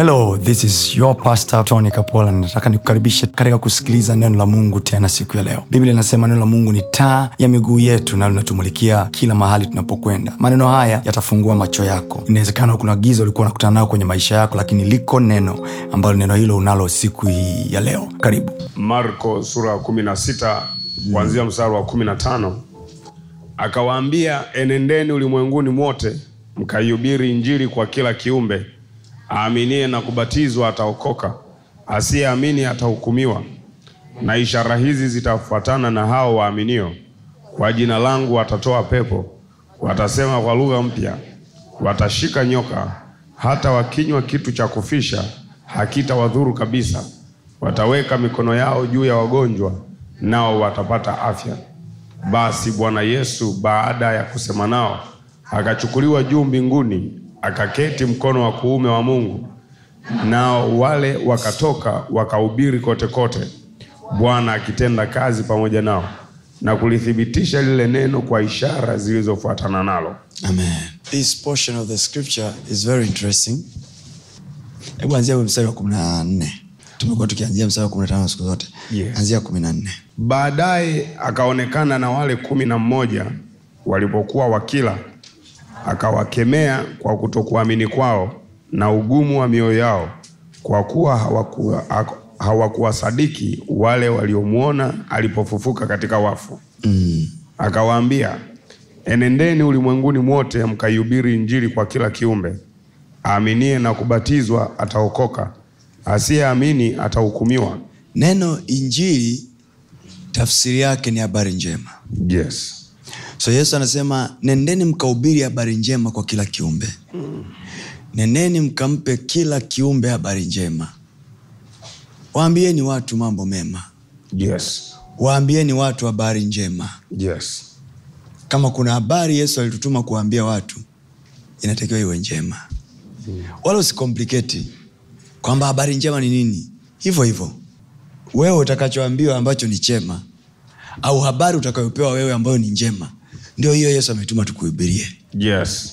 Hello, this is your pastor Tony Kapola. Nataka nikukaribishe katika kusikiliza neno la Mungu tena siku ya leo. Biblia inasema neno la Mungu ni taa ya miguu yetu na linatumulikia kila mahali tunapokwenda. Maneno haya yatafungua macho yako. Inawezekana kuna giza ulikuwa unakutana nayo kwenye maisha yako, lakini liko neno ambalo neno hilo unalo siku hii ya leo. Karibu Marko sura ya sita kuanzia mstari wa tano akawaambia enendeni ulimwenguni mwote mkaihubiri Injili kwa kila kiumbe aaminie na kubatizwa ataokoka, asiyeamini atahukumiwa. Na ishara hizi zitafuatana na hao waaminio, kwa jina langu watatoa pepo, watasema kwa lugha mpya, watashika nyoka, hata wakinywa kitu cha kufisha hakitawadhuru kabisa, wataweka mikono yao juu ya wagonjwa, nao watapata afya. Basi Bwana Yesu baada ya kusema nao akachukuliwa juu mbinguni akaketi mkono wa kuume wa Mungu, nao wale wakatoka wakahubiri kote kote, Bwana akitenda kazi pamoja nao na kulithibitisha lile neno kwa ishara zilizofuatana nalo. Amen. This portion of the scripture is very interesting. Hebu anzia mstari wa 14. Tumekuwa tukianzia mstari wa 15 siku zote. Yeah. Anzia 14. Baadaye akaonekana na wale kumi na mmoja walipokuwa wakila akawakemea kwa kutokuamini kwao na ugumu wa mioyo yao, kwa kuwa hawakuwa, hawakuwasadiki wale waliomwona alipofufuka katika wafu. Mm. Akawaambia, enendeni ulimwenguni mwote mkaihubiri Injili kwa kila kiumbe. Aaminie na kubatizwa ataokoka, asiyeamini atahukumiwa. Neno Injili tafsiri yake ni habari njema. Yes so yesu anasema nendeni mkahubiri habari njema kwa kila kiumbe nendeni mkampe kila kiumbe habari njema waambieni watu mambo mema yes. waambieni watu habari njema yes. kama kuna habari yesu alitutuma kuwaambia watu inatakiwa iwe njema mm. wala usikompliketi kwamba habari njema ni nini hivyo hivyo wewe utakachoambiwa ambacho ni chema au habari utakayopewa wewe ambayo ni njema ndio hiyo yesu ametuma tukuhubirie yes.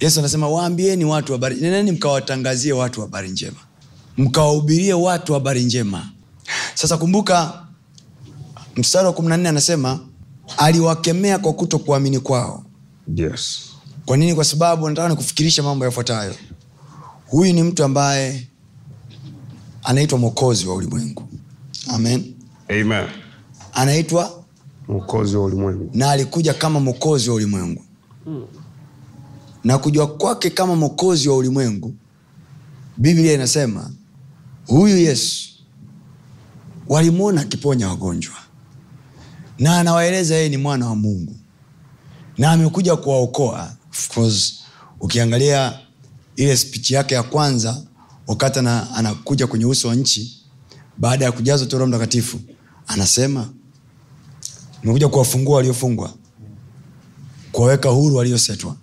yesu anasema waambieni watu habari neneni mkawatangazie watu habari njema mkawahubirie watu habari njema sasa kumbuka mstari wa kumi na nne anasema aliwakemea kwa kuto kuamini kwao yes. kwa nini kwa sababu nataka nikufikirisha mambo yafuatayo huyu ni mtu ambaye anaitwa mwokozi wa ulimwengu amen, amen. anaitwa mwokozi wa ulimwengu na alikuja kama mwokozi wa ulimwengu hmm. na kujua kwake kama mwokozi wa ulimwengu biblia inasema huyu yesu walimwona akiponya wagonjwa na anawaeleza yeye ni mwana wa mungu na amekuja kuwaokoa ukiangalia ile spichi yake ya kwanza wakati anakuja kwenye uso wa nchi baada ya kujazwa tu mtakatifu anasema nimekuja kuwafungua waliofungwa kuwaweka huru waliosetwa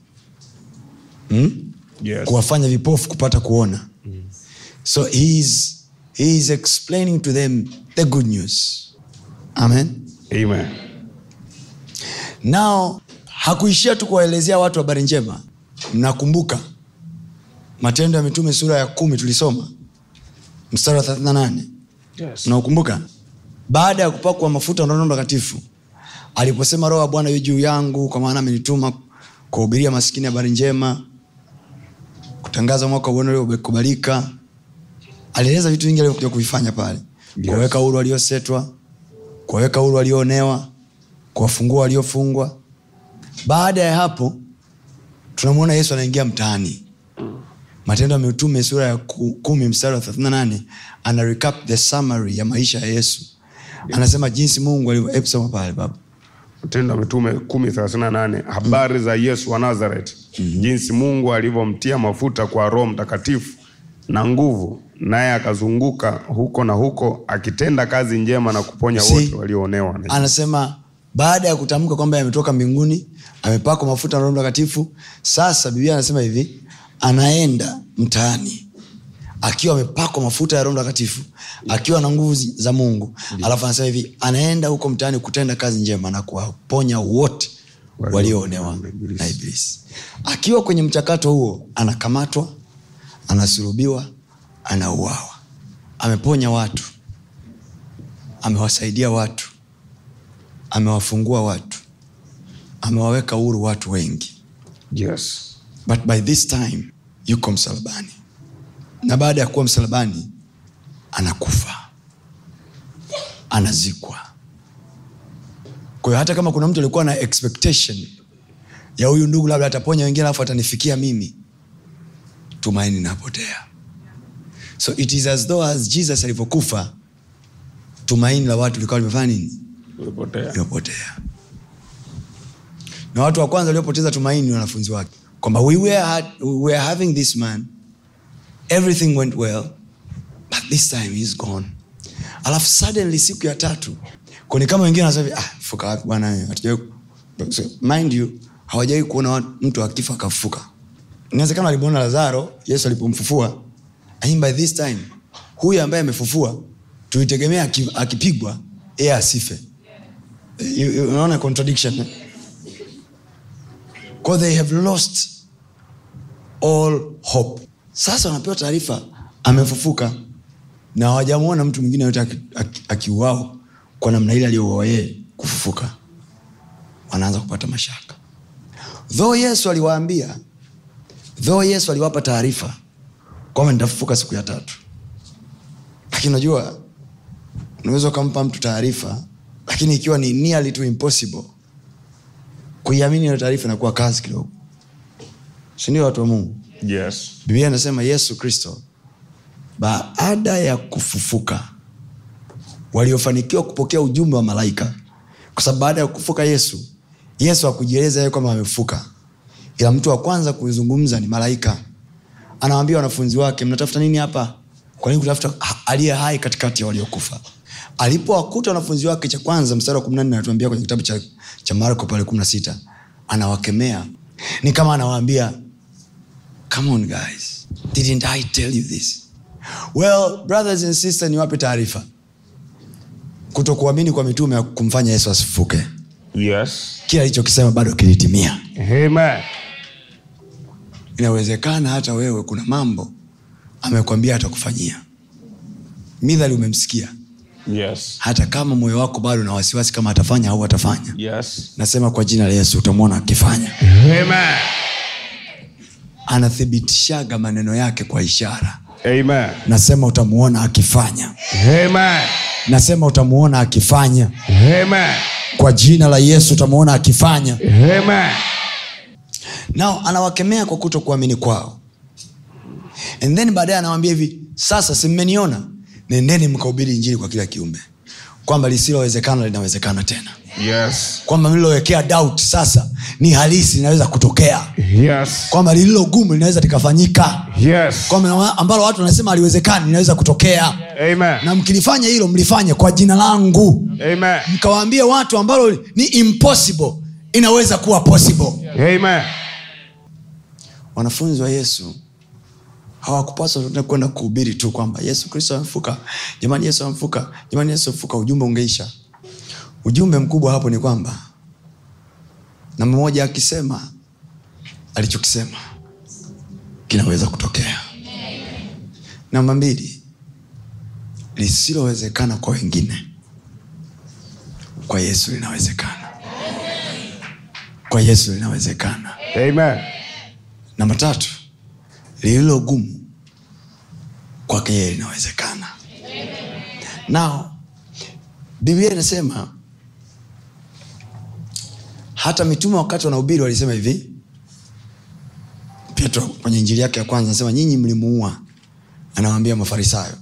hmm? yes. kuwafanya vipofu kupata kuona yes. so he is, he is explaining to them the good news amen, amen. hakuishia tu kuwaelezea watu habari njema mnakumbuka matendo ya mitume sura ya kumi tulisoma mstari wa 38 yes. mnaukumbuka baada ya kupakwa mafuta na mtakatifu aliposema roho ya bwana yu juu yangu kwa maana amenituma kuhubiria maskini habari njema kutangaza mwaka uone umekubalika alieleza vitu vingi alivyokuja kuvifanya pale yes. kuwaweka huru aliosetwa kuwaweka huru alioonewa kuwafungua waliofungwa baada ya hapo tunamwona yesu anaingia mtaani matendo ya mitume sura ya kumi mstari wa 38 ana recap the summary ya maisha ya yesu anasema jinsi mungu alivyoepsoma pale baba tendo ya mitume kumi thelathini na nane habari za yesu wa nazareti jinsi mungu alivyomtia mafuta kwa roho mtakatifu na nguvu naye akazunguka huko na huko akitenda kazi njema na kuponya si, wote walioonewa anasema baada ya kutamka kwamba ametoka mbinguni amepakwa mafuta na roho mtakatifu sasa biblia anasema hivi anaenda mtaani akiwa amepakwa mafuta ya roho mtakatifu akiwa na nguvu za mungu alafu anasema hivi anaenda huko mtaani kutenda kazi njema na kuwaponya wote walioonewa na iblisi akiwa kwenye mchakato huo anakamatwa anasurubiwa anauawa ameponya watu amewasaidia watu amewafungua watu amewaweka uru watu wengi yes. but by this time yuko msalabani na baada ya kuwa msalabani anakufa anazikwa kwahiyo hata kama kuna mtu alikuwa na expectation ya huyu ndugu labda ataponya wengine alafu atanifikia mimi tumaini napotea so it is as though as jesus alivyokufa tumaini la watu likawa limefanya nini limepotea na watu wa kwanza waliopoteza tumaini ni wanafunzi wake kwamba we were, we were having this man everything went well but this time he's gone alafu suddenly siku ya tatu kwani kama wengine wanasema ah, fuka wapi bwana mind you hawajawai kuona mtu akifa akafuka inawezekana alimuona lazaro yesu alipomfufua lakini by this time huyu ambaye amefufua tuitegemea akipigwa yeye asife unaona contradiction eh? because they have lost all hope sasa wanapewa taarifa amefufuka na wajamwona mtu mwingine yote akiuao kwa namna ile aliyouawa yeye kufufuka wanaanza kupata mashaka dho yesu aliwaambia dho yesu aliwapa taarifa kwamba nitafufuka siku ya tatu lakini unajua unaweza ukampa mtu taarifa lakini ikiwa ni nearly to impossible kuiamini hiyo taarifa inakuwa kazi kidogo sindio watu wa mungu yes. biblia inasema yesu kristo baada ya kufufuka waliofanikiwa kupokea ujumbe wa malaika kwa sababu baada ya kufufuka yesu yesu akujieleza yeye kwamba amefuka ila mtu wa kwanza kuizungumza ni malaika anawambia wanafunzi wake mnatafuta nini hapa kwanini kutafuta aliye hai katikati ya waliokufa alipowakuta wanafunzi wake cha kwanza mstari wa kumi nanne anatuambia kwenye kitabu cha, cha marko pale kumi na sita anawakemea ni kama anawaambia come on guys didn't i tell you this well brothers and sisters niwape taarifa kutokuamini kwa mitume ya kumfanya yesu asifuke yes. kila alichokisema bado kilitimia Amen. inawezekana hata wewe kuna mambo amekwambia atakufanyia midhali umemsikia yes. hata kama moyo wako bado na wasiwasi kama atafanya au atafanya yes. nasema kwa jina la yesu utamwona akifanya Amen anathibitishaga maneno yake kwa ishara Amen. nasema utamuona akifanya Amen. nasema utamuona akifanya Amen. kwa jina la yesu utamuona akifanya Amen. nao anawakemea kwa kuto kuamini kwao and then baadaye anawambia hivi sasa simmeniona nendeni mkaubiri injili kwa kila kiumbe kwamba lisilowezekana linawezekana tena yes. kwamba nililowekea doubt sasa ni halisi linaweza kutokea yes. kwamba lililo gumu linaweza likafanyika yes. ambalo watu wanasema aliwezekani linaweza kutokea Amen. na mkilifanya hilo mlifanye kwa jina langu mkawaambia watu ambalo ni impossible inaweza kuwa possible Amen. wanafunzi wa yesu hawakupaswa kwenda kuhubiri tu kwamba yesu kristo amefuka jamani yesu amefuka jamani yesu amefuka ujumbe ungeisha Ujumbe mkubwa hapo ni kwamba namba moja, akisema alichokisema kinaweza kutokea. Namba mbili, lisilowezekana kwa wengine kwa Yesu linawezekana. Kwa Yesu linawezekana. Namba tatu, lililo gumu kwake yeye linawezekana. Nao Biblia inasema hata mitume wakati wanahubiri walisema hivi petro kwenye injili yake ya kwanza anasema nyinyi mlimuua anawambia mafarisayo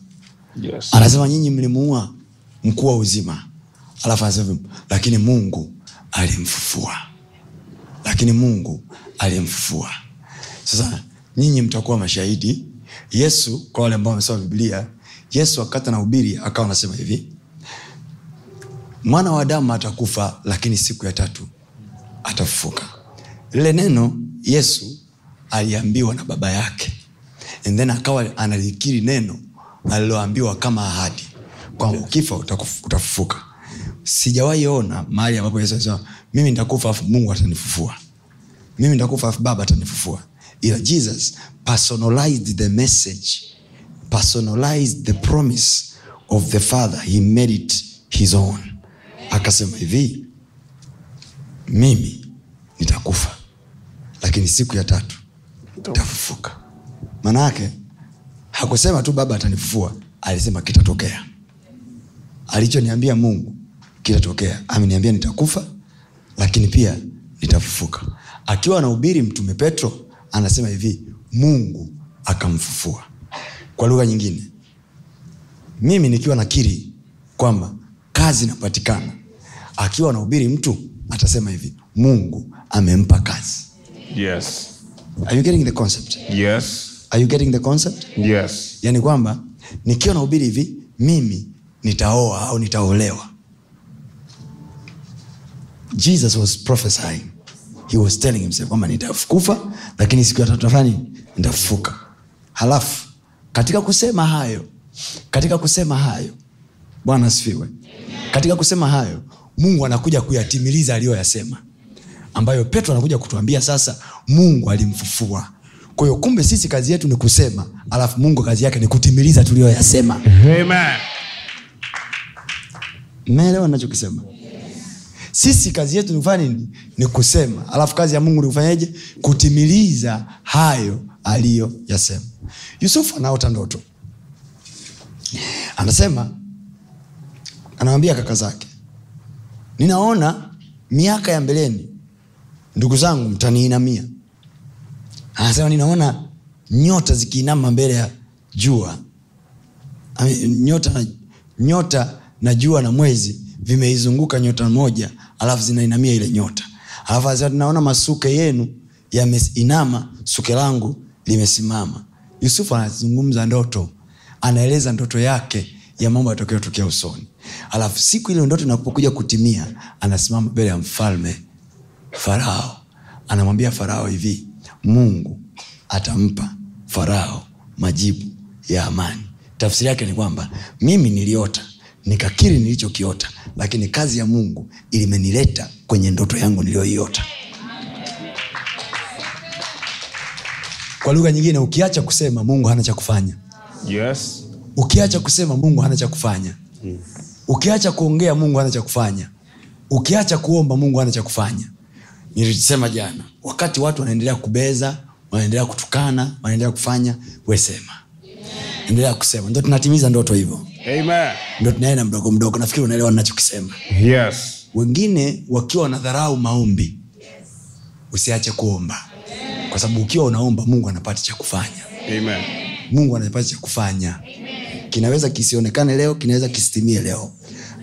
yes. anasema nyinyi mlimuua mkuu wa uzima alafu anasema lakini mungu alimfufua lakini mungu alimfufua sasa nyinyi mtakuwa mashahidi yesu kwa wale ambao wamesoma biblia yesu wakati anahubiri akawa anasema hivi mwana wa adamu atakufa lakini siku ya tatu atafufuka lile neno yesu aliambiwa na baba yake and then akawa analikiri neno aliloambiwa kama ahadi kwamba ukifa utafufuka sijawahi ona mahali ambapo yesu alisema mimi nitakufa afu mungu atanifufua mimi nitakufa afu baba atanifufua ila jesus personalized the message personalized the promise of the father he made it his own akasema hivi mimi nitakufa lakini siku ya tatu nitafufuka maana yake hakusema tu baba atanifufua alisema kitatokea alichoniambia mungu kitatokea ameniambia nitakufa lakini pia nitafufuka akiwa anahubiri mtume petro anasema hivi mungu akamfufua kwa lugha nyingine mimi nikiwa nakiri kwamba kazi inapatikana akiwa anahubiri mtu atasema hivi mungu amempa kazi yes. Are you getting the concept? Yes. Are you getting the concept? Yes. yani kwamba nikiwa na ubiri hivi mimi nitaoa au nitaolewa jesus was prophesying he was telling himself kwamba nitakufa lakini siku ya tatu fulani nitafufuka halafu katika kusema hayo katika kusema hayo bwana asifiwe katika kusema hayo mungu anakuja kuyatimiliza aliyoyasema ambayo petro anakuja kutuambia sasa mungu alimfufua kwahiyo kumbe sisi kazi yetu ni kusema alafu mungu kazi yake ni kutimiliza tuliyoyasema meelewa nachokisema sisi kazi yetu kufanya nini ni kusema alafu kazi ya mungu kufanyaje kutimiliza hayo aliyoyasema yusufu anaota ndoto anasema anawambia kaka zake ninaona miaka ya mbeleni ndugu zangu mtaniinamia anasema ninaona nyota zikiinama mbele ya jua nyota na, nyota na jua na mwezi vimeizunguka nyota moja alafu zinainamia ile nyota alafu anasema tunaona masuke yenu yameinama suke langu limesimama yusufu anazungumza ndoto anaeleza ndoto yake ya mambo yatokeotokea usoni alafu siku ile ndoto inapokuja kutimia anasimama mbele ya mfalme farao anamwambia farao hivi mungu atampa farao majibu ya amani tafsiri yake ni kwamba mimi niliota nikakiri nilichokiota lakini kazi ya mungu ilimenileta kwenye ndoto yangu niliyoiota kwa lugha nyingine ukiacha kusema mungu hana cha kufanya yes. ukiacha kusema mungu hana cha kufanya mm ukiacha kuongea mungu ana cha kufanya ukiacha kuomba mungu ana cha kufanya nilisema jana wakati watu wanaendelea kubeza wanaendelea kutukana wanaendelea kufanya wesema endelea kusema ndo tunatimiza ndoto hivo ndo tunaenda mdogo mdogo nafikiri unaelewa nachokisema yes. wengine wakiwa wanadharau maombi usiache kuomba kwa sababu ukiwa unaomba mungu anapata cha kufanya mungu anapata cha kufanya kinaweza kisionekane leo kinaweza kisitimie leo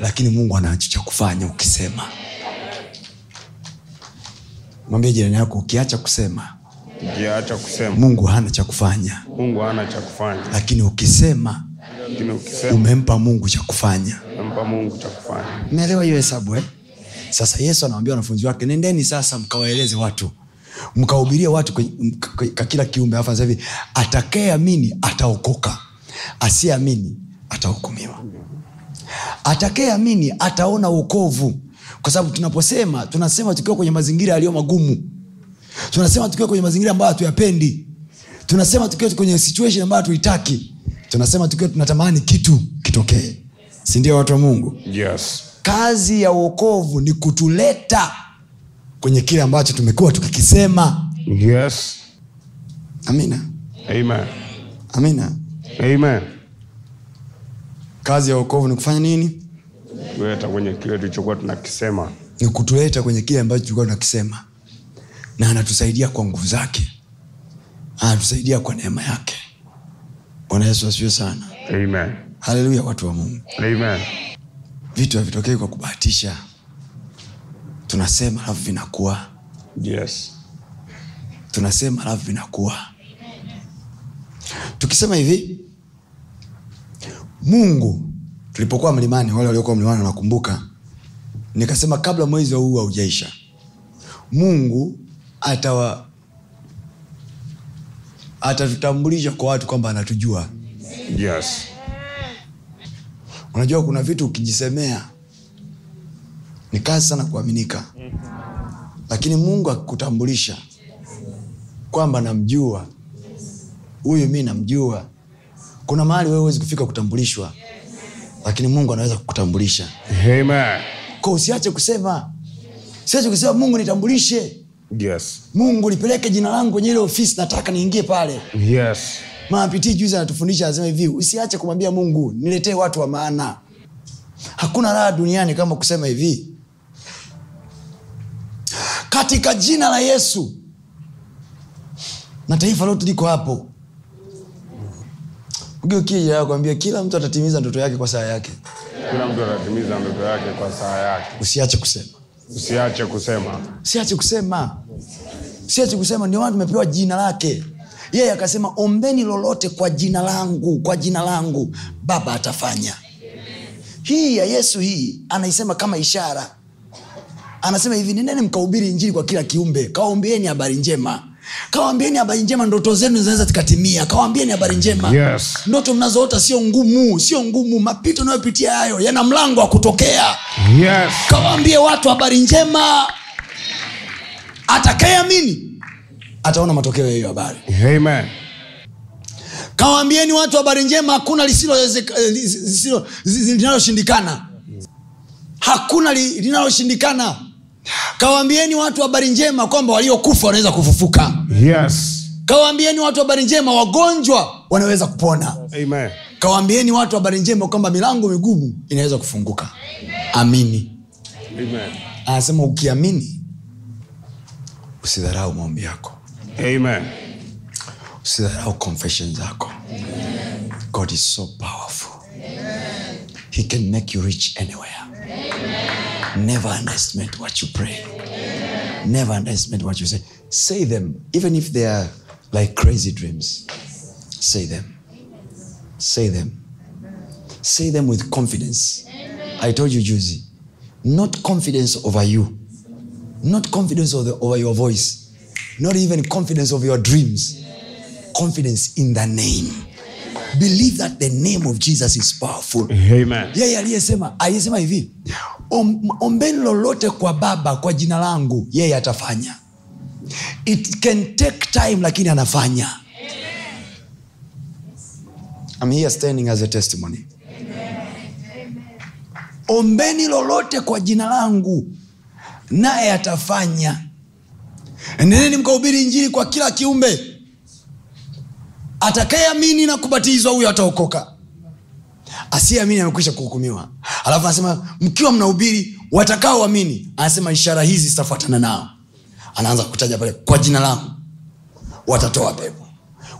lakini mungu anacho cha kufanya ukisema mwambie jirani yako ukiacha kusema mungu hana cha kufanya lakini ukisema umempa mungu cha kufanya meelewa hiyo hesabu eh? sasa yesu anawambia wanafunzi wake nendeni sasa mkawaeleze watu mkahubirie watu ka kila kiumbe afa hivi ataokoka asieamini atahukumiwa mm-hmm atakayeamini ataona uokovu kwa sababu tunaposema tunasema tukiwa kwenye mazingira yaliyo magumu tunasema tukiwa kwenye mazingira ambayo hatuyapendi tunasema tukiwa kwenye situation ambayo hatuitaki tunasema tukiwa tunatamani kitu kitokee sindio watu wa mungu yes. kazi ya uokovu ni kutuleta kwenye kile ambacho tumekuwa tukikisema yes. amina Amen. amina Amen. Amen kazi ya wokovu ni kufanya nini kutuleta kwenye kile tulichokuwa tunakisema ni kutuleta kwenye kile ambacho tulikuwa tunakisema na anatusaidia kwa nguvu zake anatusaidia kwa neema yake bwana yesu asiwe sana haleluya watu wa mungu Amen. vitu havitokei kwa kubahatisha tunasema alafu vinakuwa yes. tunasema alafu vinakuwa tukisema hivi mungu tulipokuwa mlimani wale waliokuwa mlimani wanakumbuka nikasema kabla mwezi huu haujaisha mungu atawa atatutambulisha kwa watu kwamba anatujua yes. unajua kuna vitu ukijisemea ni kazi sana kuaminika lakini mungu akikutambulisha kwamba namjua huyu mi namjua kuna mahali wewe huwezi kufika kutambulishwa lakini mungu anaweza kukutambulisha ko usiache kusema siache kusema mungu nitambulishe yes. mungu nipeleke jina langu kwenye ile ofisi nataka niingie pale yes. mapitii juzi anatufundisha anasema hivi usiache kumwambia mungu niletee watu wa maana hakuna raha duniani kama kusema hivi katika jina la yesu na taifa lote liko hapo ukija akwambia kila mtu atatimiza ndoto yake kwa saa yake kila mtu atatimiza ndoto yake kwa saa yake usiache kusema usiache kusema usiache kusema usiache kusema ndio maana tumepewa jina lake yeye akasema ombeni lolote kwa jina langu kwa jina langu baba atafanya hii ya yesu hii anaisema kama ishara anasema hivi nendeni mkahubiri injili kwa kila kiumbe kaombeeni habari njema kawambieni habari njema ndoto zenu zinaweza zikatimia kawambieni habari njema yes. ndoto mnazoota sio ngumu sio ngumu mapito unayopitia hayo yana mlango wa kutokea yes. kawambie watu habari njema atakayeamini ataona matokeo ya hiyo habari kawambieni watu habari njema hakuna linaloshindikana hakuna linaloshindikana li, kawambieni watu habari njema kwamba waliokufa wanaweza kufufuka yes kawambieni watu habari njema wagonjwa wanaweza kupona Amen. kawambieni watu habari njema kwamba milango migumu inaweza kufunguka amini anasema ukiamini usidharau maombi yako Amen. usidharau confession zako god is so powerful Amen. he can make you rich anywhere Amen Never underestimate what you pray. Never underestimate what you say. Say them, even if they are like crazy dreams. Say them. Say them. Say them with confidence. I told you, Juicy, not confidence over you, not confidence over, the, over your voice, not even confidence over your dreams, confidence in the name. believe that the name of jesus is powerful yeye aliyesema aliyesema hivi ombeni lolote kwa baba kwa jina langu yeye atafanya it can take time lakini anafanya I'm here standing as a testimony ombeni lolote kwa jina langu naye atafanya endeleni mkaubiri injili kwa kila kiumbe atakayeamini na kubatizwa huyo ataokoka asiyeamini amekwisha kuhukumiwa alafu anasema mkiwa mnahubiri watakaoamini anasema ishara hizi zitafuatana nao anaanza kutaja pale kwa jina langu watatoa pepo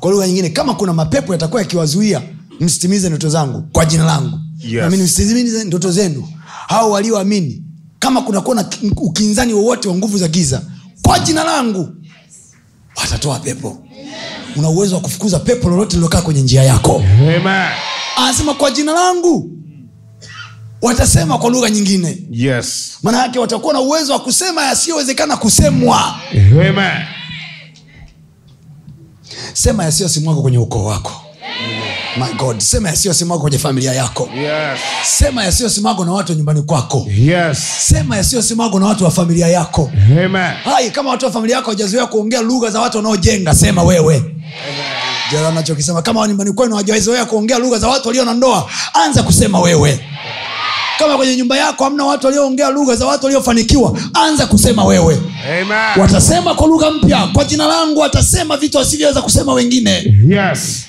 kwa lugha nyingine kama kuna mapepo yatakuwa yakiwazuia msitimize ndoto zangu kwa jina langu yes. msitimize ndoto zenu hao walioamini kama kunakuwa na ukinzani wowote wa nguvu za giza kwa jina langu watatoa pepo una uwezo wa kufukuza pepo lolote lilokaa kwenye njia yako anasema kwa jina langu watasema kwa lugha nyingine yes. maana watakuwa na uwezo wa kusema yasiyowezekana kusemwa Amen. sema yasiyosimwako kwenye ukoo wako my god sema yasiyosimako kwenye familia yako yes. sema yasiyosimako na watu wa nyumbani kwako yes. sema yasiyosimako na watu wa familia yako Amen. hai kama watu wa familia yako wajazoea kuongea lugha za watu wanaojenga sema wewe anachokisema kama nyumbani kwenu hawajazoea kuongea lugha za watu walio na ndoa anza kusema wewe kama kwenye nyumba yako hamna watu walioongea lugha za watu waliofanikiwa anza kusema wewe Amen. watasema kwa lugha mpya kwa jina langu watasema vitu wasivyoweza kusema wengine yes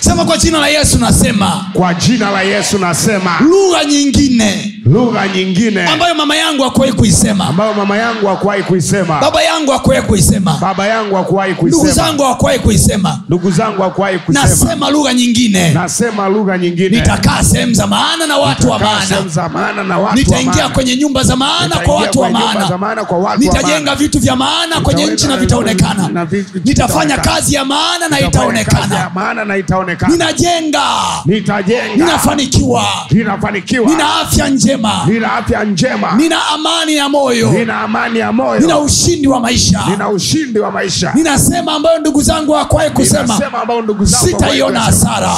sema kwa jina la yesu nasema kwa jina la yesu nasema lugha nyingine lugha nyingine ambayo mama yangu hakuwahi kuisema ambayo mama yangu hakuwahi kuisema baba yangu hakuwahi kuisema baba yangu hakuwahi kuisema ndugu zangu hakuwahi kuisema ndugu zangu hakuwahi kuisema nasema lugha nyingine nasema lugha nyingine nitakaa sehemu za maana na watu wa maana sehemu za maana na watu nitaingia kwenye nyumba za maana kwa watu wa maana nitajenga vitu vya maana kwenye nchi na vitaonekana nitafanya kazi ya maana na itaonekana maana na itaonekana ninajenga nitajenga ninafanikiwa nina afya njema njema nina afya njema nina amani ya moyo nina amani ya moyo nina ushindi wa maisha nina ushindi wa maisha ninasema ambayo ndugu zangu wakwae kusema sitaiona hasara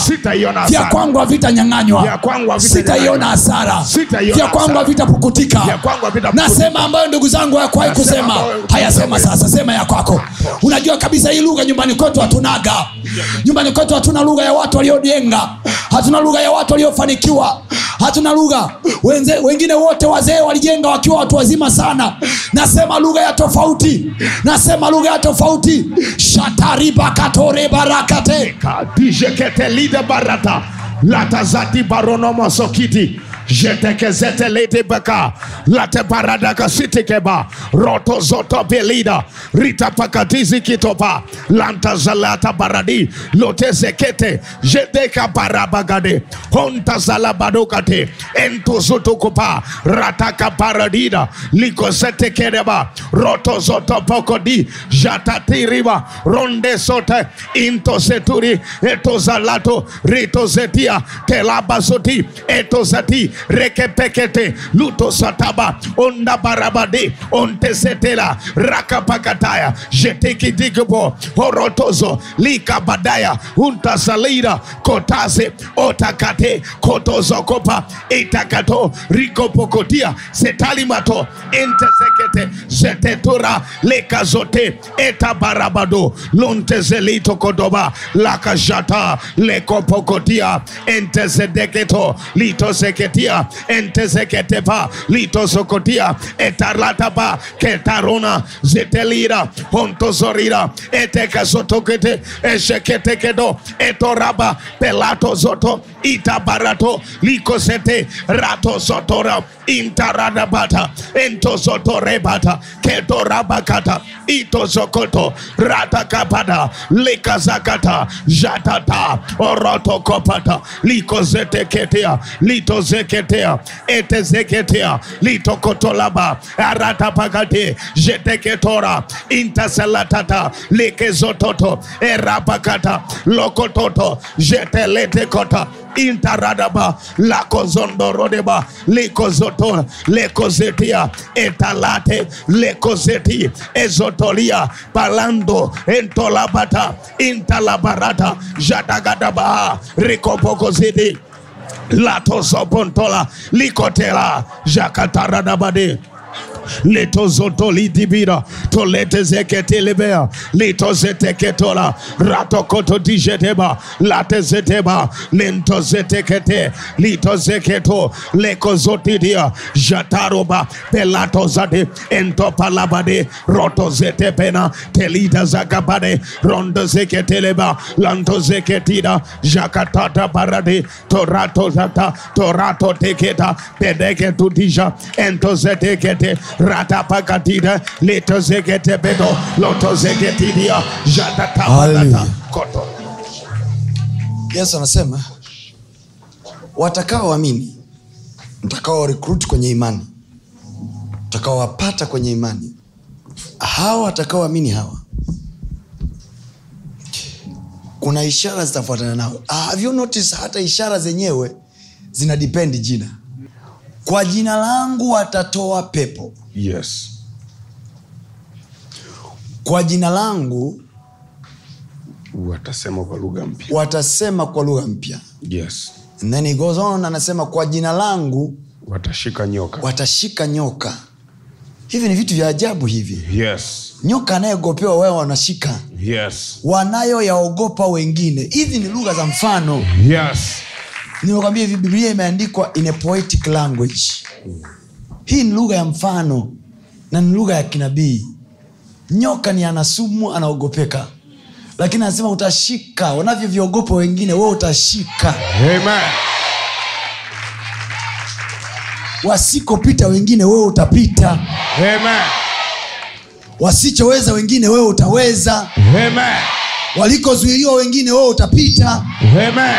vya kwangu havitanyang'anywa sitaiona hasara vya kwangu havitapukutika nasema ambayo ndugu zangu wakwae kusema hayasema sasa sema ya kwako unajua kabisa hii lugha nyumbani kwetu hatunaga nyumbani kwetu hatuna lugha ya watu waliojenga hatuna lugha ya watu waliofanikiwa hatuna lugha wengine wote wazee walijenga wakiwa watu wazima sana nasema lugha ya tofauti nasema lugha ya tofauti shataribakatorebarakate kadisheketelide barata latazati baronomosokiti jetekezete ledebeka lateparadakasitikeba rotozotopelida ritapakatizikitopa lantazalatabaradi lotezekete jedekaparabagade hontazalabadokate entuzutukupa ratakaparadida likozetekedeba rotozotopokodi jatatiriba rondesote intoseturi etozalato ritozetia telabazoti etozati rekepekete luto sataba onda barabade ontesetela rakapakataya jetekidikibo horotozo likabadaya untasalira kotase otakate kotozokopa itakato rikopokotia setalimato entesekete zetetura lekazote etabarabado lontezelitokodoba lakajata lekopokotia entesedeketo litoseketia sokotia enteseketeva litosokotia etarataba ketarona zetelira hontozorira etekazotokete esheketekedo etoraba pelatozoto itabarato likosete ratozotora intaradabata entozotorebata ketorabakata itozokoto ratakapata likazakata jatata orotokopata likozeteketea litozeke eteketea etezeketea litokotolaba aratapakate jeteketora intasalatata lekezototo erapakata lokototo jeteletekota intaradaba lakozondorodeba likozoto lekozetia etalate lekozeti ezotolia palando entolabata intalabarata jatagadabaha rikopokozidi latosobontola likotela jakatarada bade letozotolidibira toletezeketelebea litozeteketola ratokotodijedeba latezeteba lentozetekete litozeketo lekozotidia jataroba pelatozade entopalabade rotozetepena telidazakabade rondozeketeleba lantozeketida jakatata barade toratozata torato teketa pedeketu dija entozetekete leto ratapagatida letozegetebedo lotozegetidia jatatabalata koto yesu anasema amini mtakao recruit kwenye imani mtakaowapata kwenye imani hawa watakao amini hawa kuna ishara zitafuatana nao ah, have you notice hata ishara zenyewe zina dipendi jina kwa jina langu watatoa pepo yes kwa jina langu watasema kwa lugha mpya watasema kwa lugha mpya yes then he goes on anasema kwa jina langu watashika nyoka watashika nyoka hivi ni vitu vya ajabu hivi yes nyoka anayegopewa wewe wanashika yes wanayoyaogopa wengine hizi ni lugha za mfano yes nimekwambia hivi biblia imeandikwa in a poetic language hii ni lugha ya mfano na ni lugha ya kinabii nyoka ni anasumu anaogopeka lakini anasema utashika wanavyoviogopa wengine we utashika Amen. wasikopita wengine wewe utapita Amen. wasichoweza wengine wewe utaweza Amen. walikozuiliwa wengine wewe utapita Amen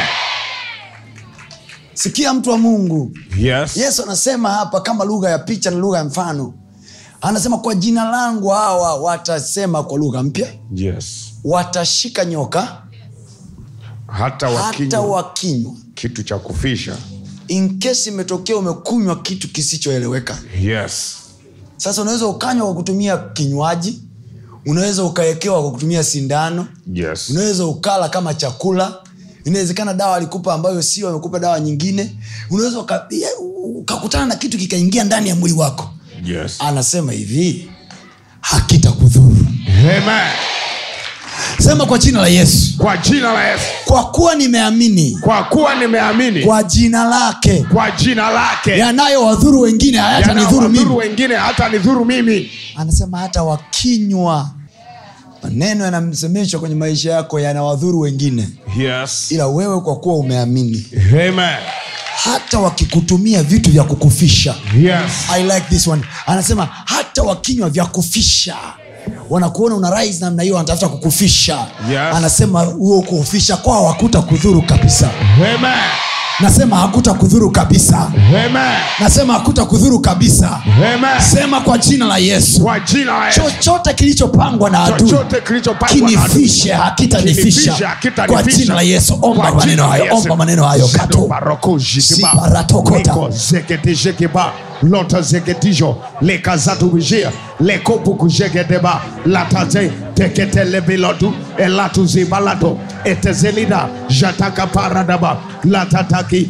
sikia mtu wa mungu yes. yesu anasema hapa kama lugha ya picha na lugha ya mfano anasema kwa jina langu hawa watasema kwa lugha mpya yes. watashika nyoka hata wakinywa kitu cha kufisha inkesi imetokea umekunywa kitu kisichoeleweka yes. sasa unaweza ukanywa kwa kutumia kinywaji unaweza ukaekewa kwa kutumia sindano yes. unaweza ukala kama chakula inawezekana dawa alikupa ambayo sio amekupa dawa nyingine unaweza ukakutana na kitu kikaingia ndani ya mwili wako yes. anasema hivi hakitakudhuru sema kwa jina la yesu kwa jina la yesu kwa kuwa nimeamini kwa kuwa nimeamini kwa jina lake kwa jina lake yanayowadhuru wengine hayatanidhuru mimi. Wengine, hata nidhuru mimi anasema hata wakinywa maneno yanamsemeshwa kwenye maisha yako yanawadhuru wengine yes. ila wewe kwa kuwa umeamini Amen hata wakikutumia vitu vya kukufisha yes. I like this one anasema hata wakinywa vya kufisha wanakuona una rais namna hiyo wanatafuta kukufisha yes. anasema huo kuufisha kwao wakuta kudhuru kabisa Amen nasema hakuta kudhuru kabisa Amen. nasema hakuta kudhuru kabisa Amen. sema kwa jina la yesu chochote kilichopangwa na adui kinifishe hakitanifisha kwa jina la yesu omba maneno hayo omba maneno hayo lota zegetisho lekazatubishia lekopukuzhegedeba lataze ete zelida, etezelida paradaba, latataki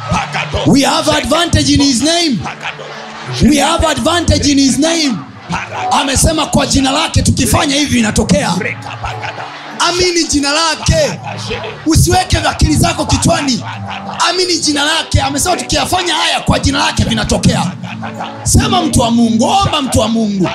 We have advantage in his name. We have advantage in his name. Amesema kwa jina lake tukifanya hivi inatokea. Amini jina lake, usiweke akili zako kichwani. Amini jina lake. Amesema tukiyafanya haya kwa jina lake vinatokea. Sema mtu wa Mungu, omba mtu wa Mungu.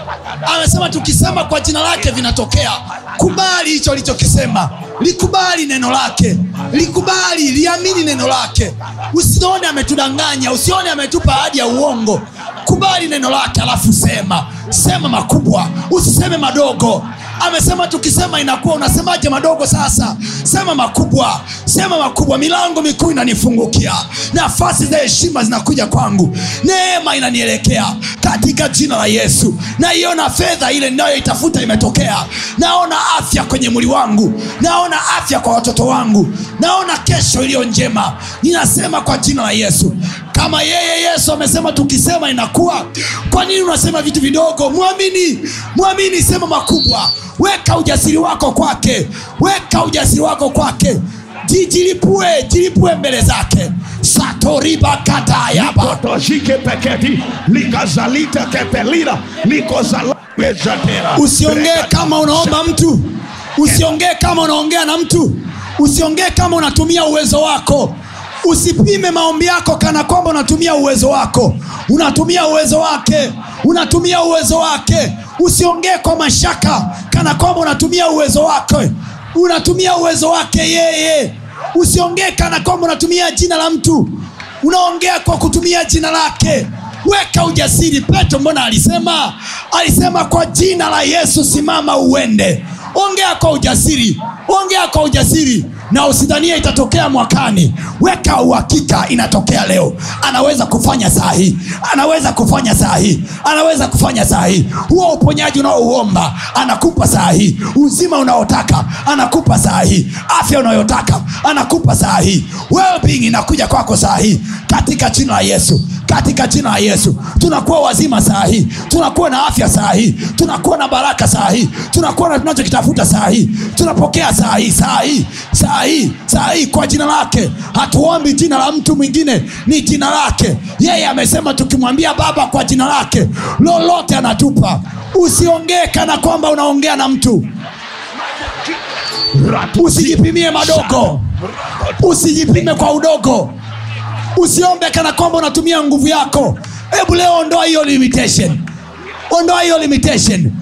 Amesema tukisema kwa jina lake vinatokea. Kubali hicho alichokisema likubali neno lake likubali liamini neno lake usione ametudanganya usione ametupa ahadi ya uongo kubali neno lake alafu sema sema makubwa usiseme madogo amesema tukisema inakuwa unasemaje madogo sasa sema makubwa sema makubwa milango mikuu inanifungukia nafasi za heshima zinakuja kwangu neema inanielekea katika jina la yesu naiona fedha ile inayoitafuta imetokea naona afya kwenye mwili wangu naona naona afya kwa watoto wangu naona kesho iliyo njema ninasema kwa jina la yesu kama yeye yesu amesema tukisema inakuwa kwa nini unasema vitu vidogo mwamini mwamini sema makubwa weka ujasiri wako kwake weka ujasiri wako kwake jijilipue jilipue mbele zake satoribakatayabatoshike peketi likazalita kepelira likozalaezatera usiongee kama unaomba mtu usiongee kama unaongea na mtu usiongee kama unatumia uwezo wako usipime maombi yako kana kwamba unatumia uwezo wako unatumia uwezo wake unatumia uwezo wake usiongee kwa mashaka kana kwamba unatumia uwezo wake unatumia uwezo wake yeye usiongee kana kwamba unatumia jina la mtu unaongea kwa kutumia jina lake weka ujasiri petro mbona alisema alisema kwa jina la yesu simama uende ongea kwa ujasiri ongea kwa ujasiri na usidhania itatokea mwakani weka uhakika inatokea leo anaweza kufanya saa hii anaweza kufanya saa hii anaweza kufanya saa hii huo uponyaji unaouomba anakupa saa hii uzima unaotaka anakupa saa hii afya unayotaka anakupa saa hii well inakuja kwako saa hii katika jina la yesu katika jina la yesu tunakuwa wazima saa hii tunakuwa na afya saa hii tunakuwa na baraka saa hii tunakuwa na tunachokitafuta saa hii tunapokea saa hii saa hii saa hii saa hii kwa jina lake hatuombi jina la mtu mwingine ni jina lake yeye amesema tukimwambia baba kwa jina lake lolote anatupa usiongee kana kwamba unaongea na mtu usijipimie madogo usijipime kwa udogo usiombe kana kwamba unatumia nguvu yako hebu leo ondoa hiyo limitation ondoa hiyo limitation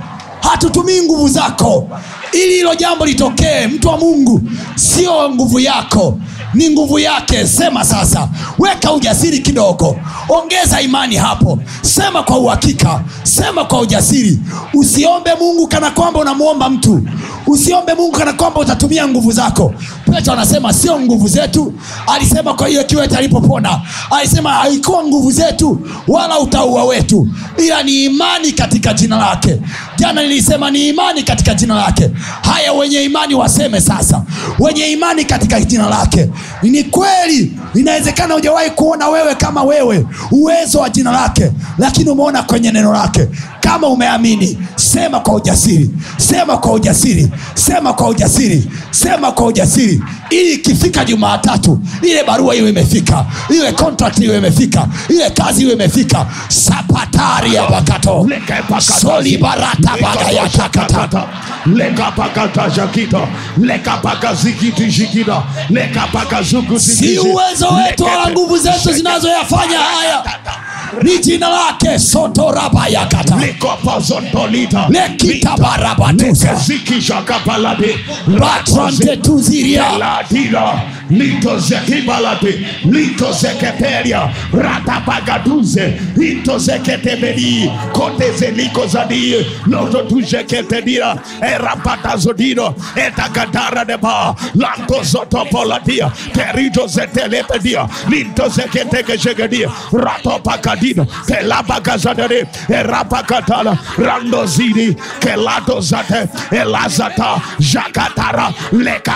hatutumii nguvu zako ili hilo jambo litokee mtu wa mungu sio nguvu yako ni nguvu yake sema sasa weka ujasiri kidogo ongeza imani hapo sema kwa uhakika sema kwa ujasiri usiombe mungu kana kwamba unamwomba mtu usiombe mungu kana kwamba utatumia nguvu zako pecho anasema sio nguvu zetu alisema kwa hiyo kiwete alipopona alisema haikuwa nguvu zetu wala utaua wetu ila ni imani katika jina lake jana nilisema ni imani katika jina lake haya wenye imani waseme sasa wenye imani katika jina lake ni kweli inawezekana hujawahi kuona wewe kama wewe uwezo wa jina lake lakini umeona kwenye neno lake kama umeamini sema kwa ujasiri sema kwa ujasiri sema kwa ujasiri sema kwa ujasiri ili ikifika jumaatatu ile barua hiyo imefika ile contract hiyo imefika ile kazi hiyo imefika sapatari ya pakato solibarata badayatakatata si uwezo wetu wala nguvu zetu zinazoyafanya haya ni jina lake sotorabayakata lekitabarabatusa batrante tuziria nito zekibalate nito zeketeria pagaduze, lito zeketeberi kote zeliko zadi noto tujeketedira erapatazodino etagadara deba lanto zotopoladia terito zetelepedia nito zeketekejegedia ratopagadino kelabagazadere erapakatala randozidi kelato zate elazata jakatara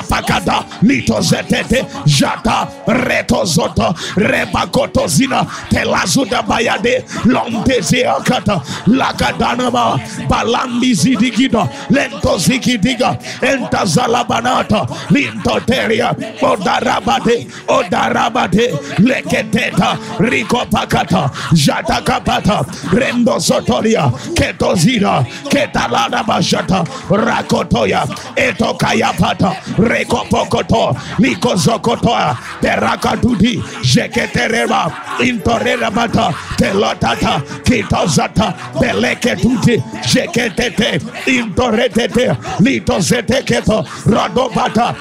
pagada, lito zetete jata retozota rebakotozina telazuda bayade lontezeakata lakadanama balambizidigida lentozikidiga entazalabanata lintoteria odarabade odarabade leketeta rikopakata jatakapata rendozotoria ketozira ketalanabashata rakotoya etokayapata rekopokoto likoz zokotoa perakadudi jeketereba intoreramata telotata kitozata belekedudi jeketete intoretete litozeteketo rodobata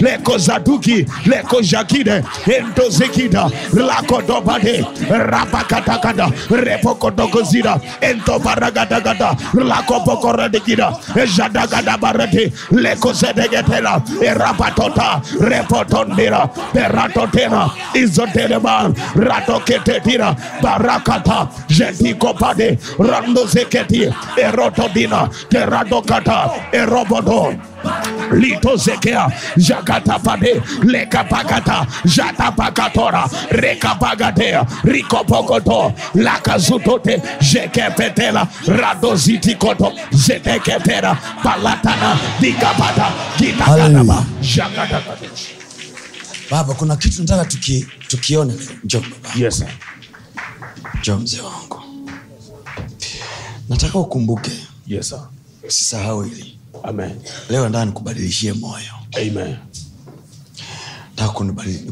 leko zaduki, leko lekozaduki ento entozekida lakodobade rapakatakada repokodokozira entobaragatakata lakopokoradikida jadagadabarate lekozedegetela erapatota repotondira peratotena izoteleba ratoketetira barakata jetikopade randozeketi erotodina teradokata erobodo litozekea jakatapade lekapakata jatapakatora rekapagatea rikopokoto lakazutote jekepetela radozitikoto zetekepera palatana dikapata kitakaaba jakatakate Baba, kuna kitu nataka tuki, tukione leo. Yes, njoo mzee wangu, nataka ukumbuke. Yes, usisahau hili Amen. leo nataka nikubadilishie moyo Amen. nataka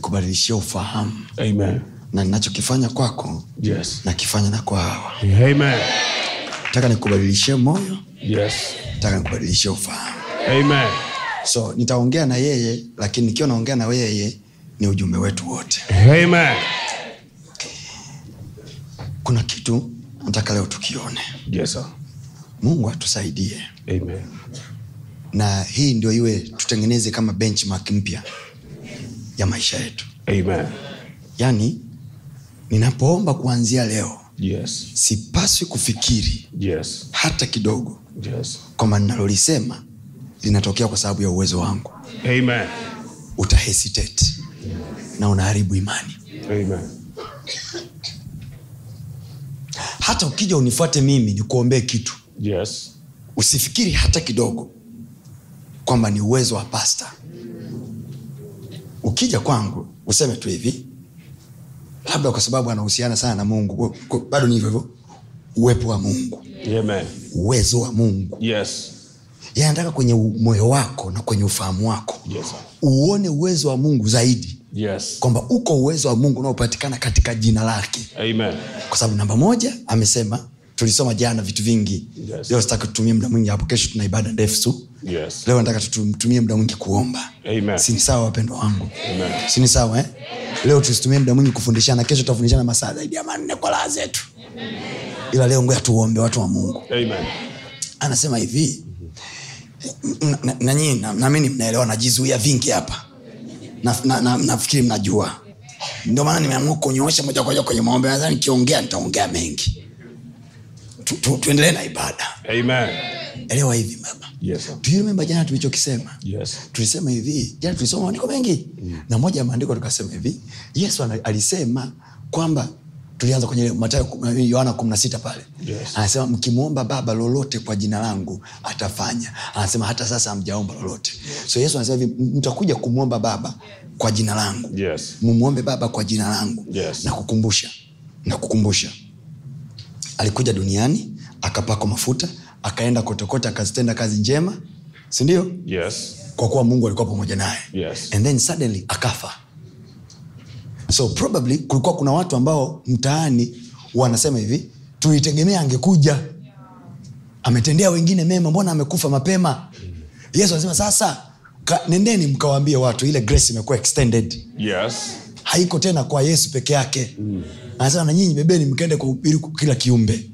kubadilishia ufahamu Amen. na ninachokifanya kwako yes. nakifanya na kwa hawa Amen. nikubadilishie moyo yes. taka nikubadilishie ufahamu Amen. so nitaongea na yeye lakini nikiwa naongea na yeye ni ujumbe wetu wote Amen. kuna kitu nataka leo tukione yes, sir. mungu atusaidie Amen na hii ndio iwe tutengeneze kama benchmark mpya ya maisha yetu Amen. yani ninapoomba kuanzia leo yes. sipaswi kufikiri yes. hata kidogo yes. kwamba ninalolisema linatokea kwa sababu ya uwezo wangu Amen. utahesitate na unaharibu imani Amen. hata ukija unifuate mimi nikuombee kitu yes. usifikiri hata kidogo kwamba ni uwezo wa pasta ukija kwangu useme tu hivi labda kwa sababu anahusiana sana na mungu bado ni hivyohivyo uwepo wa mungu uwezo wa mungu yes yanataka kwenye moyo wako na kwenye ufahamu wako yes, uone uwezo wa mungu zaidi yes. kwamba uko uwezo wa mungu unaopatikana katika jina lake Amen. kwa sababu namba moja amesema tulisoma jana vitu vingi yes. leo sitaki kutumia muda mwingi hapo kesho tuna ibada ndefu yes. leo nataka tutumie muda mwingi kuomba sini sawa wapendwa wangu sini sawa eh? leo tusitumie muda mwingi kufundishana kesho tutafundishana masaa zaidi ya manne kwa laha zetu ila leo ngoya tuombe watu wa mungu Amen. anasema hivi nanyi na, na, namini mnaelewa najizuia vingi hapa nafikiri na, na, na mnajua ndio maana nimeamua kunyoosha moja kwa moja kwenye maombe naa nikiongea nitaongea mengi tuendelee tu, tu, na ibada Amen. elewa hivi mama yes, jana tulichokisema yes. tulisema hivi jana tulisoma maandiko mengi mm. na moja ya maandiko tukasema hivi yesu alisema kwamba tulianza kwenye eh, yohana kumi na sita pale yes. anasema mkimwomba baba lolote kwa jina langu atafanya anasema hata sasa amjaomba lolote so yesu anasema hivi mtakuja kumwomba baba kwa jina langu yes. mumwombe baba kwa jina langu yes. na kukumbusha na kukumbusha alikuja duniani akapakwa mafuta akaenda kotekote akazitenda kazi njema sindio yes. kwa kuwa mungu alikuwa pamoja naye yes. and then suddenly akafa so probably kulikuwa kuna watu ambao mtaani wanasema hivi tuitegemea angekuja ametendea wengine mema mbona amekufa mapema yesu anasema sasa ka, nendeni mkawaambie watu ile grace imekuwa extended yes. haiko tena kwa yesu peke yake mm. anasema na nyinyi bebeni mkaende ubiri kila kiumbe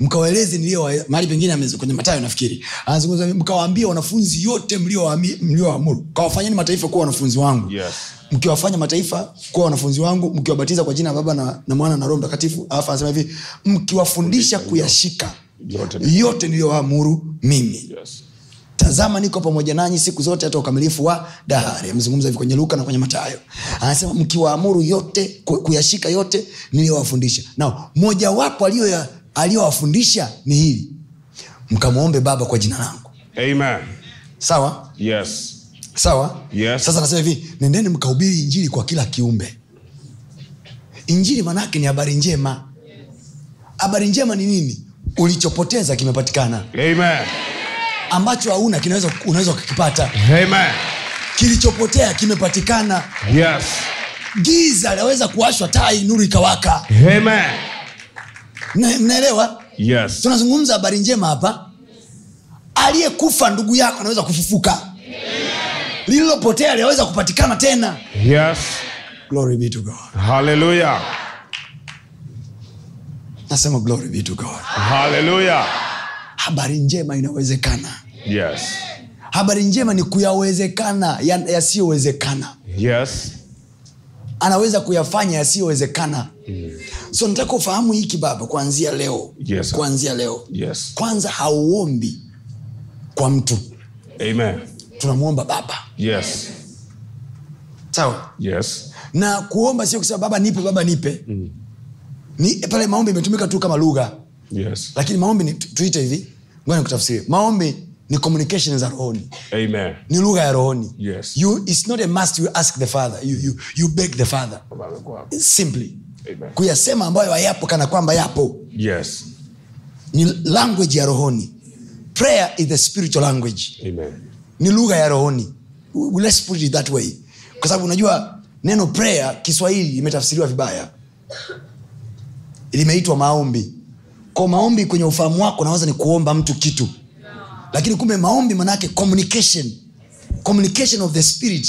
mkawaeleze nilio mahali pengine kwenye matayo nafikiri anazungumza mkawaambia wanafunzi yote mlioamuru kawafanyeni mataifa kuwa wanafunzi wangu yes mkiwafanya mataifa kuwa wanafunzi wangu mkiwabatiza kwa jina ya baba na, na mwana na roho mtakatifu alafu anasema hivi mkiwafundisha kuyashika yote, niliyoamuru mimi yes tazama niko pamoja nanyi siku zote hata ukamilifu wa dahari amezungumza hivi kwenye luka na kwenye matayo anasema mkiwaamuru yote kuyashika yote niliyowafundisha na mojawapo aliyo ya aliyowafundisha ni hili mkamwombe baba kwa jina langu Amen. sawa yes. sawa yes. sasa nasema hivi nendeni mkahubiri injili kwa kila kiumbe injili manake ni habari njema habari njema ni nini ulichopoteza kimepatikana Amen. ambacho hauna unaweza kukipata kilichopotea kimepatikana yes. giza laweza kuwashwa taa nuru ikawaka Amen mnaelewa yes. tunazungumza habari njema hapa aliyekufa ndugu yako anaweza kufufuka lililopotea liaweza kupatikana tena yes. glory be to god nasema glory be to god habari njema inawezekana yes. habari njema ni kuyawezekana yasiyowezekana ya yes anaweza kuyafanya yasiyowezekana mm. so nataka ufahamu hiki baba kuanzia leo yes, kuanzia leo yes. kwanza hauombi kwa mtu Amen. tunamwomba baba yes. sawa yes. na kuomba sio kusema baba nipe baba nipe mm. ni pale maombi imetumika tu kama lugha yes. lakini maombi tuite hivi ngoja nikutafsiri maombi ni communication za rohoni Amen. ni lugha ya rohoni yes. you, it's not a must you ask the father you, you, you beg the father simply Amen. kuyasema ambayo hayapo kana kwamba yapo yes. ni language ya rohoni prayer is the spiritual language Amen. ni lugha ya rohoni let's put it that way kwa sababu unajua neno prayer kiswahili imetafsiriwa vibaya limeitwa maombi kwa maombi kwenye ufahamu wako naweza ni kuomba mtu kitu lakini kumbe maombi manake communication communication of the spirit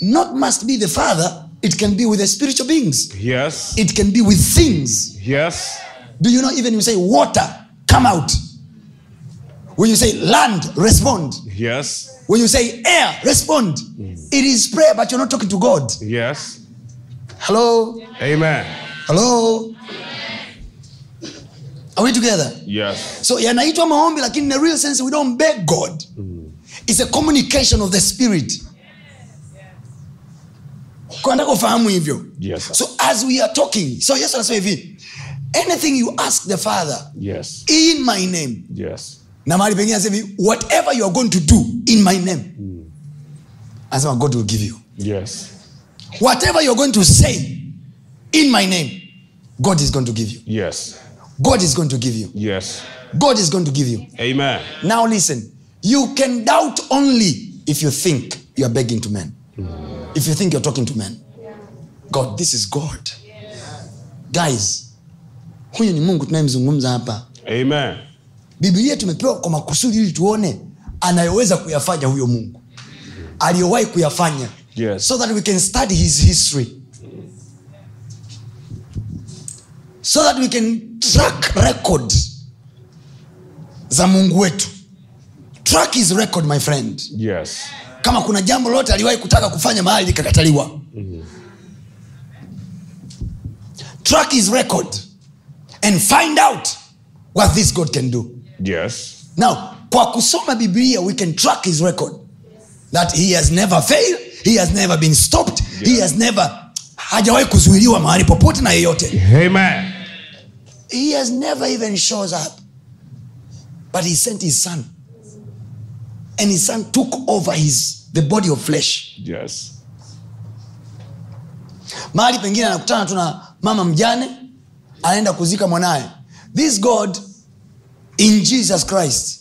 not must be the father it can be with the spiritual beings yes it can be with things yes do you know even you say water come out when you say land respond yes when you say air respond mm. it is prayer but you're not talking to god yes hello amen hello Are we together? Yes. So yanaitwa maombi lakini in a real sense we don't beg God. Mm. It's a communication of the spirit. Yes. Yes. hivyo. Yes. So as we are talking, so Yesu anasema hivi, anything you ask the Father yes. in my name. Yes. Na mahali pengine anasema whatever you are going to do in my name. Mm. Anasema God will give you. Yes. Whatever you are going to say in my name, God is going to give you. Yes god is going to give you yes god is going to give you amen now listen you can doubt only if you think you are begging to men mm. if you think you're talking to men yeah. god this is god yes. guys huyu ni mungu tunayemzungumza hapa amen Biblia tumepewa kwa makusudi ili tuone anayeweza kuyafanya huyo mungu aliyowahi kuyafanya yes. so that we can study his history so that we can track record za mungu wetu track is record my friend yes kama kuna jambo lote aliwahi kutaka kufanya mahali likakataliwa mm-hmm. track his record and find out what this god can do yes now kwa kusoma biblia we can track his record that he has never failed he has never been stopped yes. he has never hajawahi kuzuiliwa mahali popote na yeyote Amen He has never even shows up. But he sent his son. And his son took over his the body of flesh. Yes. Mahali pengine anakutana tu na mama mjane anaenda kuzika mwanaye. This God in Jesus Christ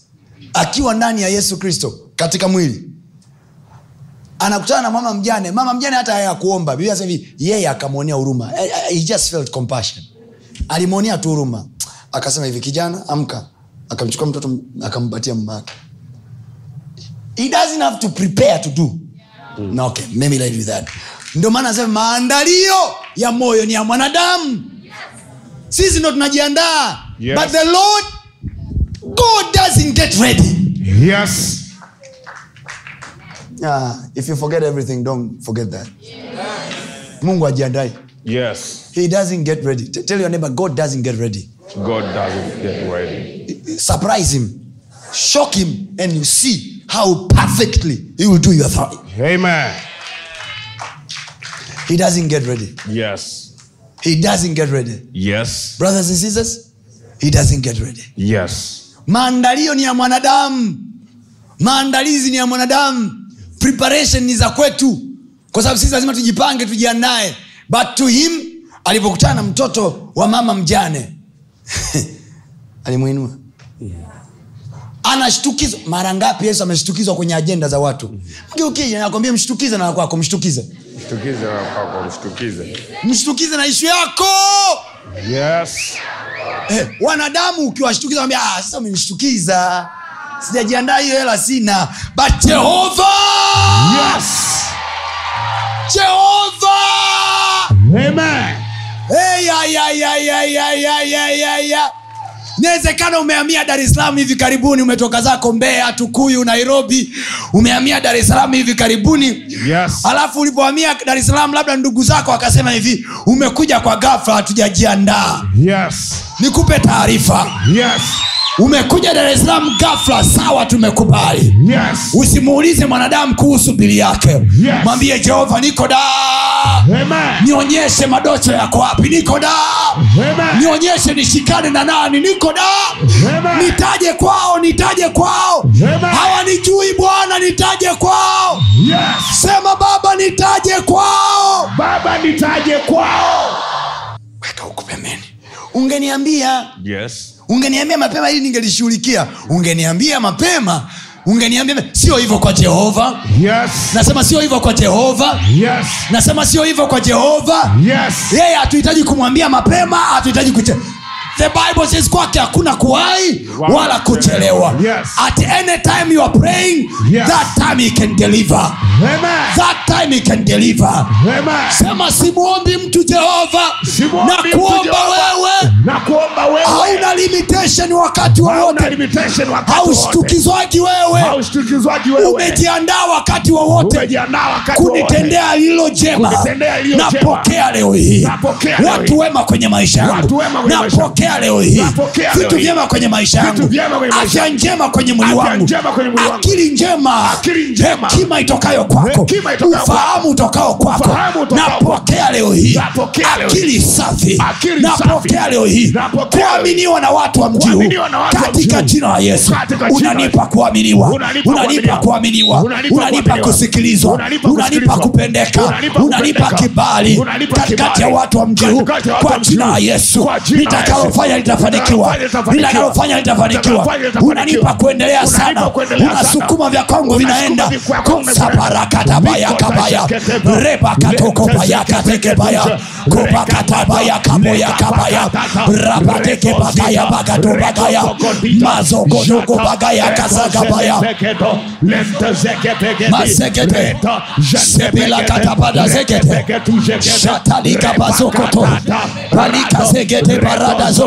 akiwa ndani ya Yesu Kristo katika mwili anakutana na mama mjane. Mama mjane hata hayakuomba. Biblia sasa hivi yeye akamwonea huruma. Eh, eh, he just felt compassion alimwonea tu huruma akasema hivi kijana amka akamchukua mtoto akampatia mmake he doesn't have to prepare to do no, mm. okay maybe like that ndio maana sema maandalio ya moyo ni ya mwanadamu sisi ndo tunajiandaa yes. but the lord god doesn't get ready yes uh, if you forget everything don't forget that yes. mungu ajiandai Yes. He doesn't get ready. T- tell your neighbor, God doesn't get ready. God doesn't get ready. Surprise him, shock him, and you see how perfectly he will do your thing. Amen. He doesn't get ready. Yes. He doesn't get ready. Yes. Brothers and sisters, he doesn't get ready. Yes. Maandalio ni ya mwanadamu. Maandalizi ni ya mwanadamu. Preparation ni za kwetu, kwa sababu sisi lazima tujipange, tujiandae but to him alipokutana na mtoto wa mama mjane alimuinua anashtukizwa mara ngapi yesu ameshtukizwa kwenye ajenda za watu mgeukije nakwambia mshtukize na wakwako mshtukize mshtukize na ishu yako yes. eh, wanadamu ukiwashtukiza ambia ah, sasa umemshtukiza sijajiandaa hiyo hela sina but jehova yes. jehova Inawezekana umehamia Dar hivi karibuni, umetoka zako Mbeya, Tukuyu, Nairobi, umehamia Dar hivi karibuni yes. Alafu ulipohamia Dar labda ndugu zako akasema hivi, umekuja kwa gafla hatujajiandaa yes. Nikupe taarifa yes umekuja dar es salaam gafla sawa tumekubali yes. usimuulize mwanadamu kuhusu bili yake yes. mwambie jehova niko da nionyeshe madocho yako wapi niko da nionyeshe nishikane na nani niko da nitaje kwao nitaje kwao hawanijui bwana nitaje kwao yes. sema baba nitaje kwao baba nitaje kwao weka huku pembeni ungeniambia yes ungeniambia mapema ili ningelishughulikia ungeniambia mapema ungeniambia sio hivyo kwa jehova yes. nasema sio hivyo kwa jehova yes. nasema sio hivyo kwa jehova yes. yeye hatuhitaji kumwambia mapema hatuhitaji the bible says kwake hakuna kuwai wala kuchelewa yes. at any time you are praying yes. that time he can deliver Amen. that time he can deliver Amen. sema simwombi mtu jehova na kuomba wewe hauna limitation wakati wowote haushtukizwaji wewe umejiandaa wakati wowote kunitendea lilo jema napokea leo hii watu wema kwenye maisha yangu napokea napokea leo hii vitu vyema kwenye maisha yangu afya njema kwenye mwili wangu akili njema hekima itokayo kwako ufahamu utokao kwako napokea leo hii akili safi napokea leo hii kuaminiwa na watu wa mji huu katika jina la yesu unanipa kuaminiwa unanipa kuaminiwa unanipa kusikilizwa unanipa kupendeka unanipa kibali katikati ya watu wa mji huu kwa jina la yesu nitakalo ninalofanya litafanikiwa ninalofanya litafanikiwa unanipa kuendelea sana unasukuma vya kwangu vinaenda kosaparakatabayakabaya rebakatokobayakatekebaya kopakatabayakaboyakabaya rapatekebagayabagadobagaya mazogodogobagayakazagabaya mazegete sebilakatabada zegete shatalikabazoko Sokoto. Balika Zegete Barada Zo.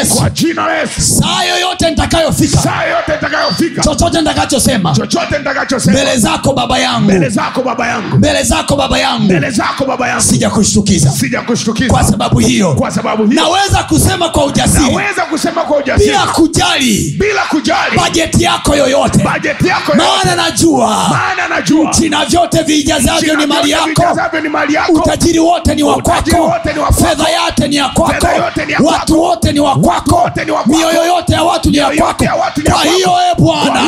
yesu saa yoyote ntakayofikachochote saa mbele zako baba yangu mbele zako baba yangu sija kushtukiza kwa sababu hiyo naweza kusema kwa ujasiri bila kujali bajeti yako yoyote maana najua nchi na vyote viijazavyo ni mali yako utajiri wote ni wakwako fedha yate ni ya kwako watu wote ni wa kwako mioyo yote ya watu ni ya kwako kwa hiyo e bwana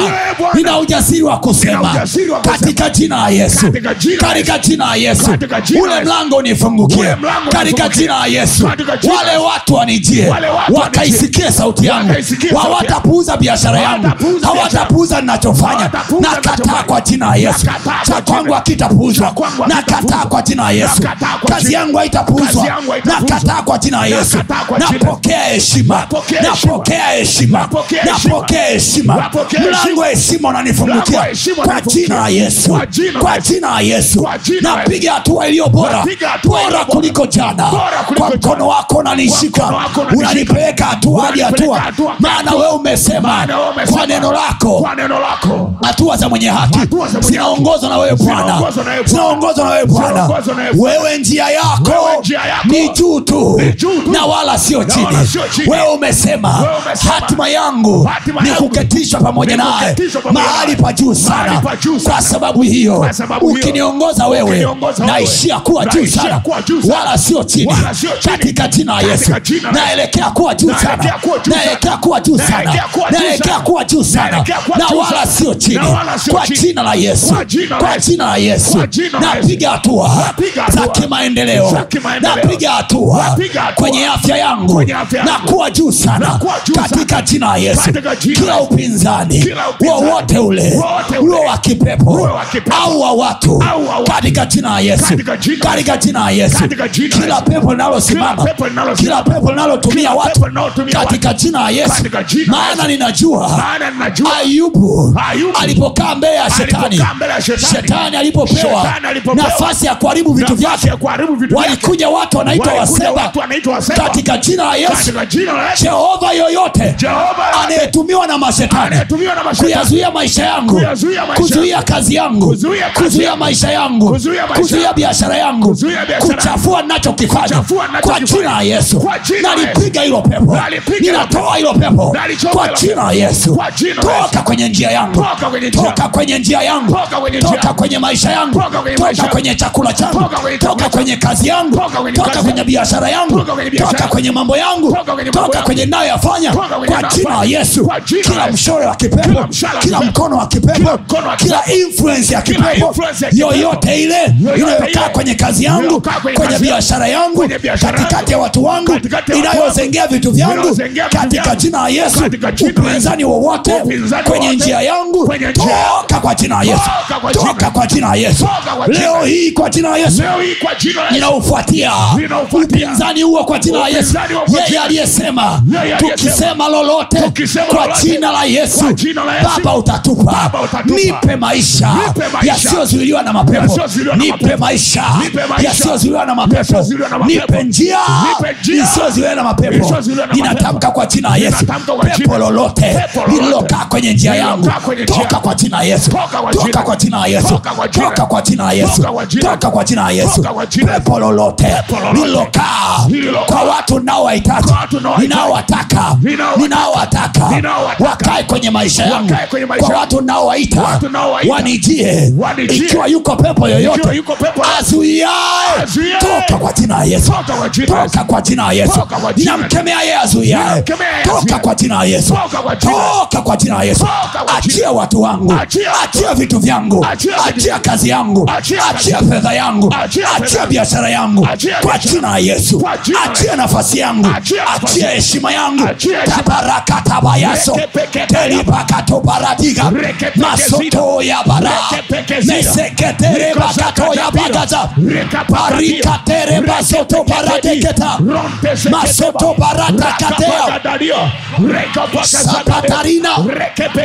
ee ina ujasiri wa kusema katika jina ya yesu katika jina ya yesu ule mlango nifungukie katika jina ya yesu wale watu wanijie wakaisikie sauti yangu hawatapuuza biashara yangu hawatapuuza ninachofanya nakataa kwa jina ya yesu cha kwangu akitapuuzwa nakataa kwa jina ya yesu kazi yangu haitapuuzwa nakataa kwa jina ya yesu napokea heshima heshima napokea heshima napokea heshima mlango wa heshima unanifungukia kwa jina la yesu kwa jina la yesu napiga hatua iliyo bora bora kuliko jana kwa mkono wako unanishika unanipeleka hatua hadi hatua maana wewe umesema kwa neno lako hatua za mwenye haki zinaongozwa na wewe bwana zinaongozwa na wewe bwana wewe njia yako ni juu tu na wala sio chini wewe umesema hatima yangu ni kuketishwa pamoja naye mahali pa juu sana kwa sababu hiyo ukiniongoza wewe naishia kuwa juu sana wala sio chini katika jina la yesu naelekea kuwa juu sana naelekea kuwa juu sana naelekea kuwa juu sana na wala sio chini kwa jina la yesu kwa jina la yesu napiga hatua za kimaendeleo napiga hatua kwenye afya yangu na kuwa kuwa juu sana katika jina ya yesu kila upinzani wowote ule uo wa kipepo au wa watu katika jina ya yesu katika jina ya yesu kila pepo linalosimama kila pepo linalotumia watu katika jina ya yesu maana ninajua ayubu alipokaa mbele ya shetani shetani alipopewa nafasi ya kuharibu vitu vyake walikuja watu wanaitwa waseba katika jina ya yesu jehova yoyote anayetumiwa na mashetani kuyazuia maisha yangu kuzuia kazi yangu kuzuia maisha yangu kuzuia biashara yangu kuchafua nachokifanya kwa jina ya yesu nalipiga hilo pepo ninatoa hilo pepo kwa jina ya yesu toka kwenye njia yangu toka kwenye njia yangu toka kwenye maisha yangu toka kwenye chakula changu toka kwenye kazi yangu toka kwenye biashara yangu toka kwenye mambo yangu toka kwenye yafanya kwa jina ya yesu kila mshore wa kipepo kila mkono wa kipepo kila influence ya kipepo yoyote ile inayokaa kwenye kazi yangu kwenye biashara yangu katikati ya watu wangu inayozengea vitu vyangu katika jina ya yesu upinzani wowote kwenye njia yangu toka kwa jina ya yesu toka kwa jina ya yesu leo hii kwa jina ya yesu ninaufuatia upinzani huo kwa jina ya yesu yeye aliyesema anasema tukisema lolote kwa jina la yesu baba utatupa nipe maisha yasiyozuiliwa na mapepo nipe maisha yasiyozuiliwa na mapepo nipe njia isiyozuiliwa na mapepo ninatamka kwa jina la yesu pepo lolote lililokaa kwenye njia yangu toka kwa jina la yesu toka kwa jina la yesu toka kwa jina la yesu toka kwa jina la yesu pepo lolote lililokaa kwa watu nao wahitaji ninaowataka ninaowataka wakae kwenye maisha yangu kwa watu naowaita wanijie ikiwa yuko pepo yoyote azuiae toka kwa jina ya yesu toka kwa jina ya yesu namkemea yeye azuiae toka kwa jina ya yesu toka kwa jina ya yesu achia watu wangu achia vitu vyangu achia kazi yangu achia fedha yangu achia biashara yangu kwa jina ya yesu achia nafasi yangu achia heshima yangu tabarakatabayaso teribakatobaradiga masoto ya bara meseketerebakato ya bagaza barikaterebasoto baradeketa masoto baratakatea sakatarina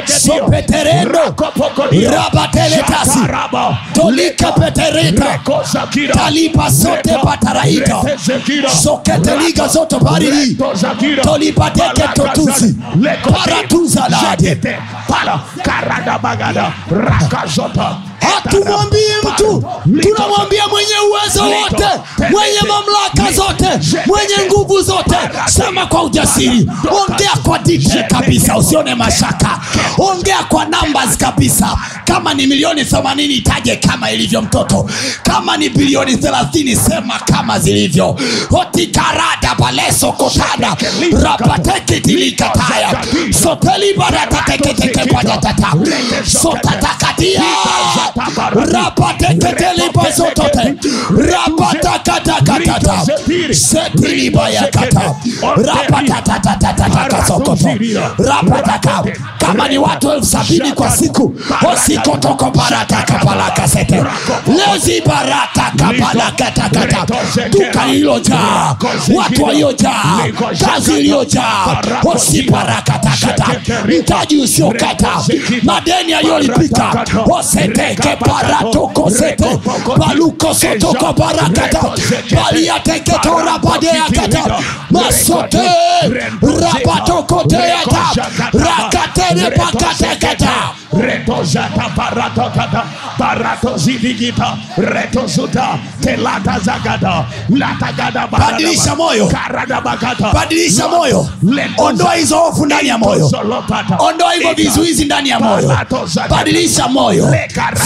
sopeterendo rabateletasi tolikapetereta talipa sote pataraita soketeliga zoto barili tolipate ketotuzi paratuzalade para karadabagada rakazota hatumwambii mtu, tunamwambia mwenye uwezo wote, mwenye mamlaka zote, mwenye nguvu zote. Sema kwa ujasiri, ongea kwa dikri kabisa, usione mashaka, ongea kwa numbers kabisa. Kama ni milioni themanini itaje kama ilivyo mtoto, kama ni bilioni thelathini sema kama zilivyo. hotikarada baleso kotada sotelibaratateketekepajatata sotatakatia rapatetetelipazotote rapatakatakatatata setilibayakata rapatatatata koto rapataka kama ni watu elfu sabini kwa siku osikotoko barataka palakasete lezi barataka palakatakata duka ililojaa watu waliojaa kazi iliyojaa osibarakatakata mtaji usiokata madeni aliyolipika oseteke paratokosete palukosotoko barakata baliateketorabade akata masote rabatoko koteata rakatere pakateketa retozata paratokata paratozidigita retozuta telata zagada latagada badilisha moyo karadabakata badilisha moyo ondoa hizo hofu ndani ya moyo ondoa hivyo vizuizi ndani ya moyo badilisha moyo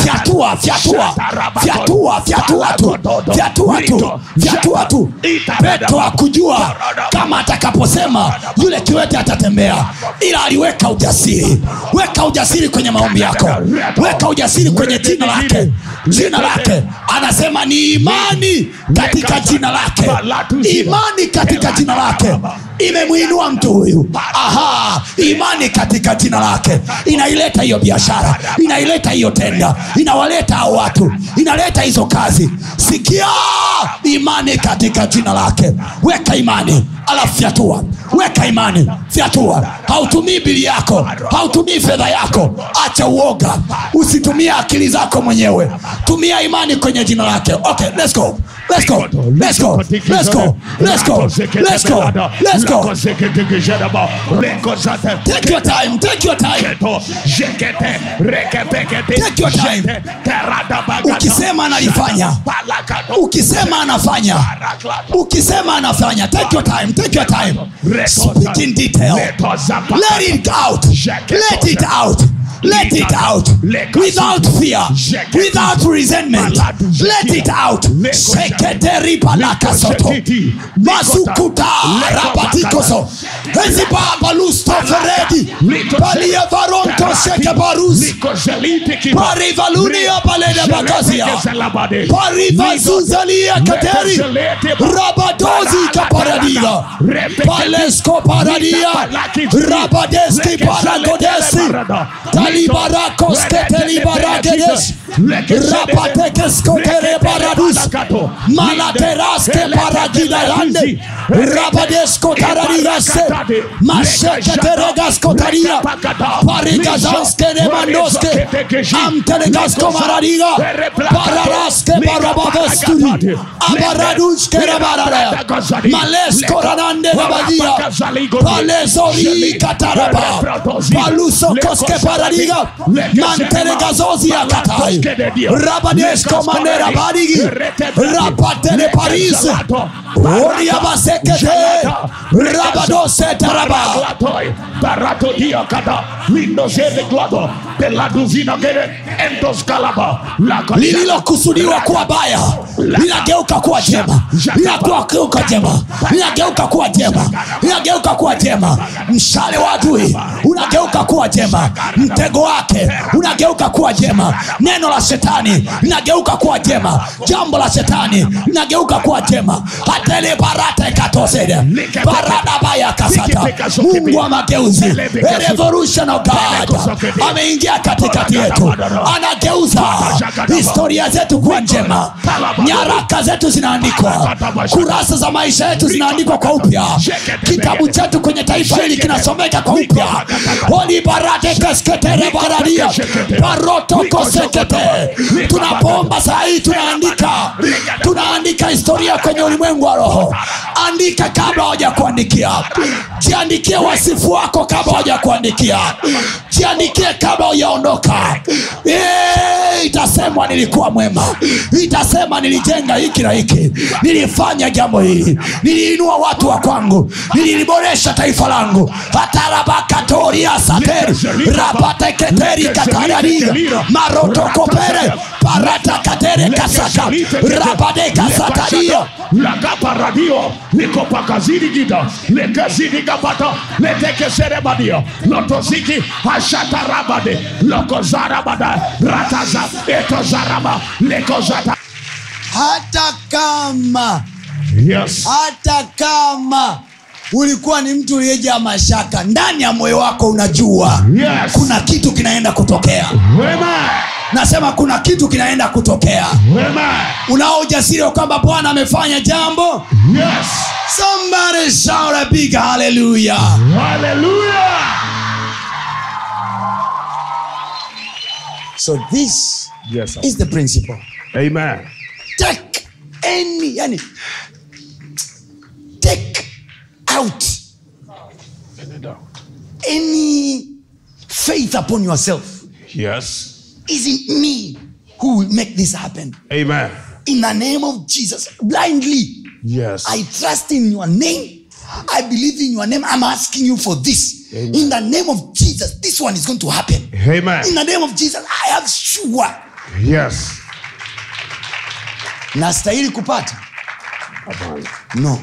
fyatua fyatua fyatua fyatua tu fyatua tu fyatua tu petro akujua kama atakaposema yule kiwete atata anatembea ila aliweka ujasiri weka ujasiri kwenye maombi yako weka ujasiri kwenye jina lake jina lake anasema ni imani katika jina lake imani katika jina lake imemwinua mtu huyu aha imani katika jina lake inaileta hiyo biashara inaileta hiyo tenda inawaleta hao watu inaleta hizo kazi sikia imani katika jina lake weka imani alafu fyatua weka imani fyatua hautumii bili yako hautumii fedha yako acha uoga usitumie akili zako mwenyewe tumia imani kwenye jina lake okay, let's go Let's go. Let's go. Let's go. Let's go. Let's go. Let's go. Take your time. Take your time. Take your time. Ukisema analifanya. Ukisema anafanya. Ukisema anafanya. Take your time. Take your time. Speak in detail. Let it out. Let it out let it out without fear without resentment let it out sheketeri palakasoto masukuta rapatikoso ezipabalustoferedi palievaronto shekebarusi parivalunia paledebakasia parivazuzalia kateri rabadozi kaparadiga palesko paradia rabadeski paragodesi Kalibarako skete libarake Rapate que escotere para dos Malateras que para gilarande Rapa de escotar a ligase Machete te rega escotaría Parigas a los que le mandos que Antele que es como la liga Pararás que para babas tu Abarraduz Males coranán de la badía Pales Rabanes comandera barigi. Rapatele Paris. lililokusudiwa kuwa baya linageuka kuwa jema linageuka jema linageuka kuwa jema linageuka kuwa jema mshale wa adui unageuka kuwa jema mtego wake unageuka kuwa jema neno la shetani linageuka kuwa jema jambo la shetani linageuka kuwa jema mungu wa mageuzi revolution of god ameingia katikati yetu anageuza historia zetu kuwa njema nyaraka zetu zinaandikwa kurasa za maisha yetu zinaandikwa kwa upya kitabu chetu kwenye taifa hili kinasomeka kwa upya olibaratekesketerebaradia kosekete tunapomba saa hii tunaandika tunaandika historia kwenye ulimwengu wa roho andika kabla hawajakuandikia jiandikie wasifu wako kabla hawajakuandikia jiandikie kabla hujaondoka itasemwa nilikuwa mwema itasema nilijenga hiki na hiki nilifanya jambo hili niliinua watu wa kwangu nililiboresha taifa langu hatarabakatoria sateri rapateketeri marotokopere parata rakadekasata rabadekasatario lakaparadio likopakazirigida lekezidigabata letekeserebadio notoziki ashatarabade lokozarabada rataza etozaraba lekozata hata kama yes. hata kama ulikuwa ni mtu uliyejaa mashaka ndani ya moyo wako unajua yes. kuna kitu kinaenda kutokea Amen nasema kuna kitu kinaenda kutokea unao ujasiri wa kwamba bwana amefanya jambo yes. somebody shout a big so this yes, is the principle amen take any yani take out any faith upon yourself yes isn't me who will make this happen. Amen. In the name of Jesus, blindly. Yes. I trust in your name. I believe in your name. I'm asking you for this. Amen. In the name of Jesus, this one is going to happen. Amen. In the name of Jesus, I am sure. Yes. Nastahili kupata? Hapana. No.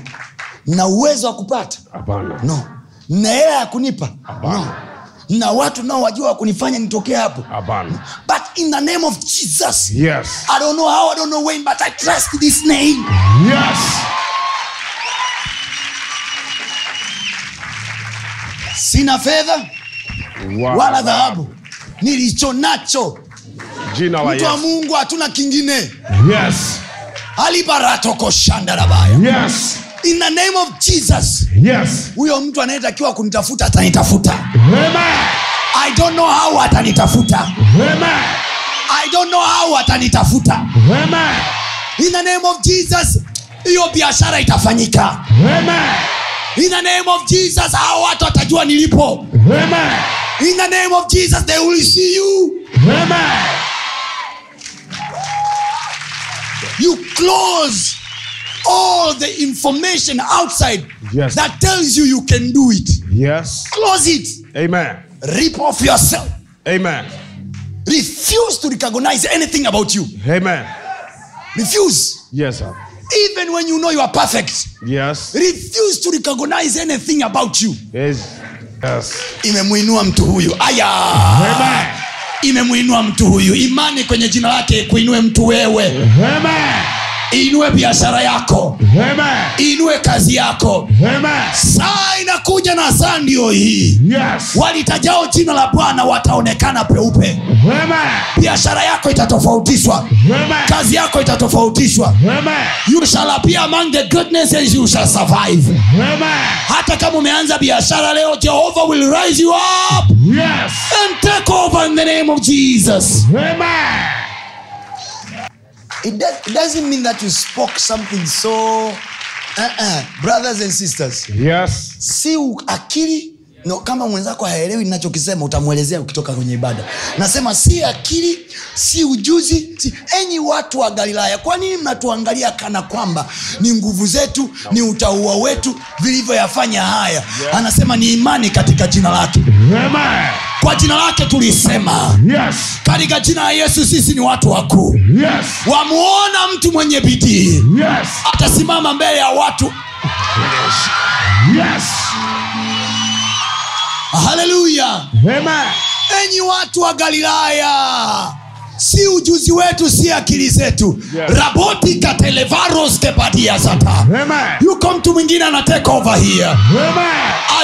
Na uwezo wa kupata? Hapana. No. Na hela ya kunipa? Hapana. No na watu nao wajua wakunifanya nitokee hapo but in the name of jesus yes. i don't know how i don't know when but i trust this name yes. sina fedha wow. wala dhahabu nilicho nacho mtu wa yes. mungu hatuna kingine yes. alibaratokoshandarabaya rabaya yes in the name of jesus huyo mtu anayetakiwa kunitafuta atanitafuta i don't know how atanitafuta i don't know how atanitafuta in the name of jesus hiyo biashara itafanyika in the name of jesus hao watu watajua nilipo in the name of jesus they will see you Amen. you close all the information outside yes. that tells you you can do it. Yes. Close it. Amen. Rip off yourself. Amen. Refuse to recognize anything about you. Amen. Refuse. Yes, sir. Even when you know you are perfect. Yes. Refuse to recognize anything about you. Yes. Yes. Imemwinua mtu huyu. Aya. Amen. Imemuinua mtu huyu. Imani kwenye jina lake kuinue mtu wewe. Amen inue biashara yako inue kazi yako saa inakuja na saa ndio hii yes. walitajao jina la bwana wataonekana peupe biashara yako itatofautishwa kazi yako itatofautishwa hata kama umeanza biashara leo jehova will rise you up yes. and take over in the name of jesus Amen. It, does, it doesn't mean that you spoke something so uh-uh. brothers and sisters yes See, Akiri. no, kama mwenzako haelewi ninachokisema utamwelezea ukitoka kwenye ibada nasema si akili si ujuzi si. enyi watu wa galilaya kwa nini mnatuangalia kana kwamba ni nguvu zetu ni utaua wetu vilivyoyafanya haya anasema ni imani katika jina lake kwa jina lake tulisema yes. katika jina ya yesu sisi ni watu wakuu yes. wamuona mtu mwenye bidii yes. atasimama mbele ya watu yes. Yes haleluya enyi watu wa galilaya si ujuzi wetu si akili zetu yeah. raboti katelevaros kebadia sata yuko mtu mwingine ana take over here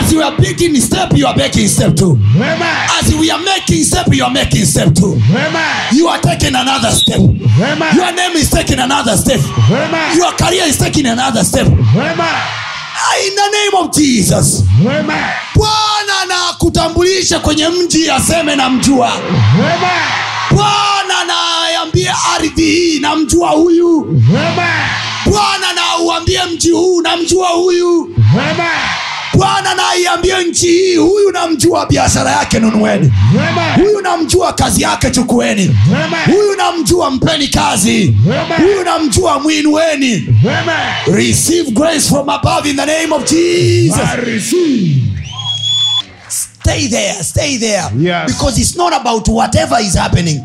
as you are taking step you are making step too as we are making step you are making step too you are taking another step Amen. your name is taking another step Amen. your career is taking another step Amen in the name of jesus bwana kwenye mji aseme na mjua bwana nayambie ardhi hii na mjua huyu bwana nauambie mji huu na mjua huyu Amen bwana naiambie nchi hii huyu namjua biashara yake nunueni huyu namjua kazi yake chukueni huyu namjua mpeni kazi huyu namjua mwinueni receive grace from above in the name of jesus stay there stay there yes. because it's not about whatever is happening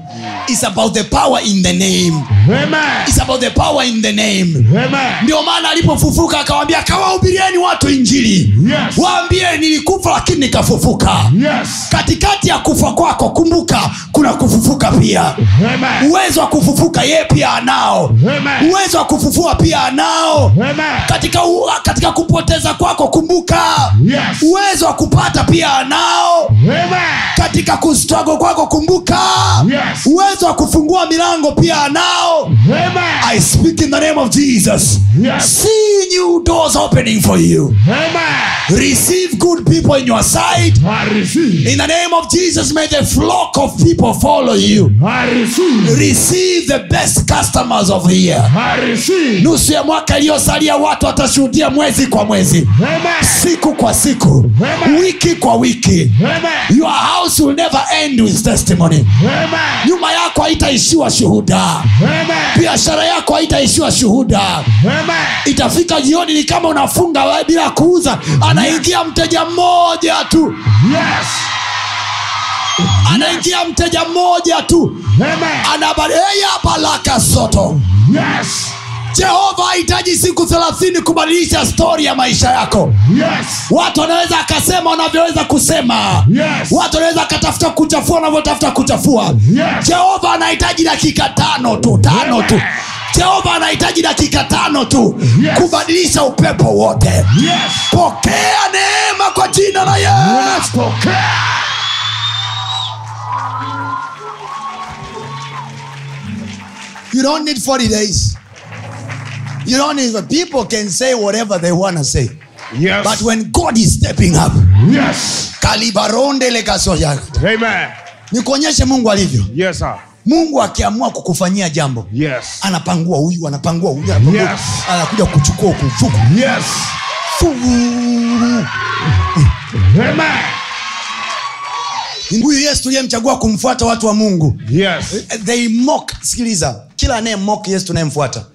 it's about the power in the name Amen. it's about the power in the name Amen. ndio maana alipofufuka akawambia kawahubirieni watu injili yes. waambie nilikufa lakini nikafufuka yes. katikati ya kufa kwako kumbuka kuna kufufuka pia Amen. uwezo wa kufufuka yeye pia anao Amen. uwezo wa kufufua pia anao Amen. katika, katika kupoteza kwako kumbuka yes. uwezo wa kupata pia anao yao Amen. katika kustrago kwako kumbuka yes. uwezo wa kufungua milango pia anao i speak in the name of jesus see new doors opening for you receive good people in your in the name of jesus may the flock of people follow you receive. the best customers of nusu ya mwaka iliyosalia watu watashuhudia mwezi kwa mwezi Amen. siku kwa siku Amen. wiki kwa wiki nyuma yako haitaishiwa shuhuda biashara yako haitaishiwa shuhuda itafika jioni ni kama unafunga bila kuuza anaingia mteja mmoja tu yes anaingia mteja mmoja tu anabaleyapalaka soto yes jehova hahitaji siku thelathini kubadilisha stori ya maisha yako yes. watu wanaweza akasema wanavyoweza kusema yes. watu wanaweza akatafuta kuchafua wanavyotafuta kuchafua yes. jehova anahitaji dakika tano tu tano yeah. tu jehova anahitaji dakika tano tu yes. kubadilisha upepo wote yes. pokea neema kwa jina la yesu You don't need 40 days. You don't even, people can say whatever they want to say. Yes. But when God is stepping up. Yes. Kalibaronde Amen. Nikuonyeshe Mungu alivyo. Yes, sir mungu akiamua kukufanyia jambo yes. anapangua huyu anapangua huyu yes. anakuja kuchukua kufuku yes. amen huyu yesu tuliyemchagua kumfuata watu wa mungu yes. they mock sikiliza kila anayemok yesu tunayemfuata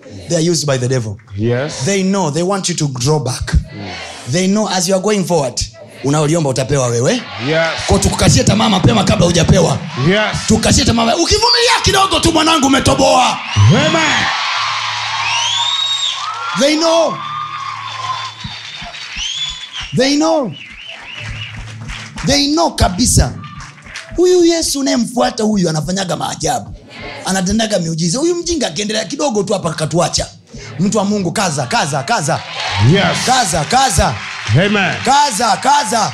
used by the devil yes. they know they want you to draw back they know as you are going forward unaoliomba utapewa wewe yes. ko tukukatie tamaa mapema kabla hujapewa yes. tukatie tamaa ukivumilia kidogo tu mwanangu umetoboa they know they know they know kabisa huyu yesu unayemfuata huyu anafanyaga maajabu anatendaga miujiza huyu mjinga akiendelea kidogo tu hapa katuacha mtu wa mungu kaza kaza kaza yes. kaza kaza Amen. kaza kaza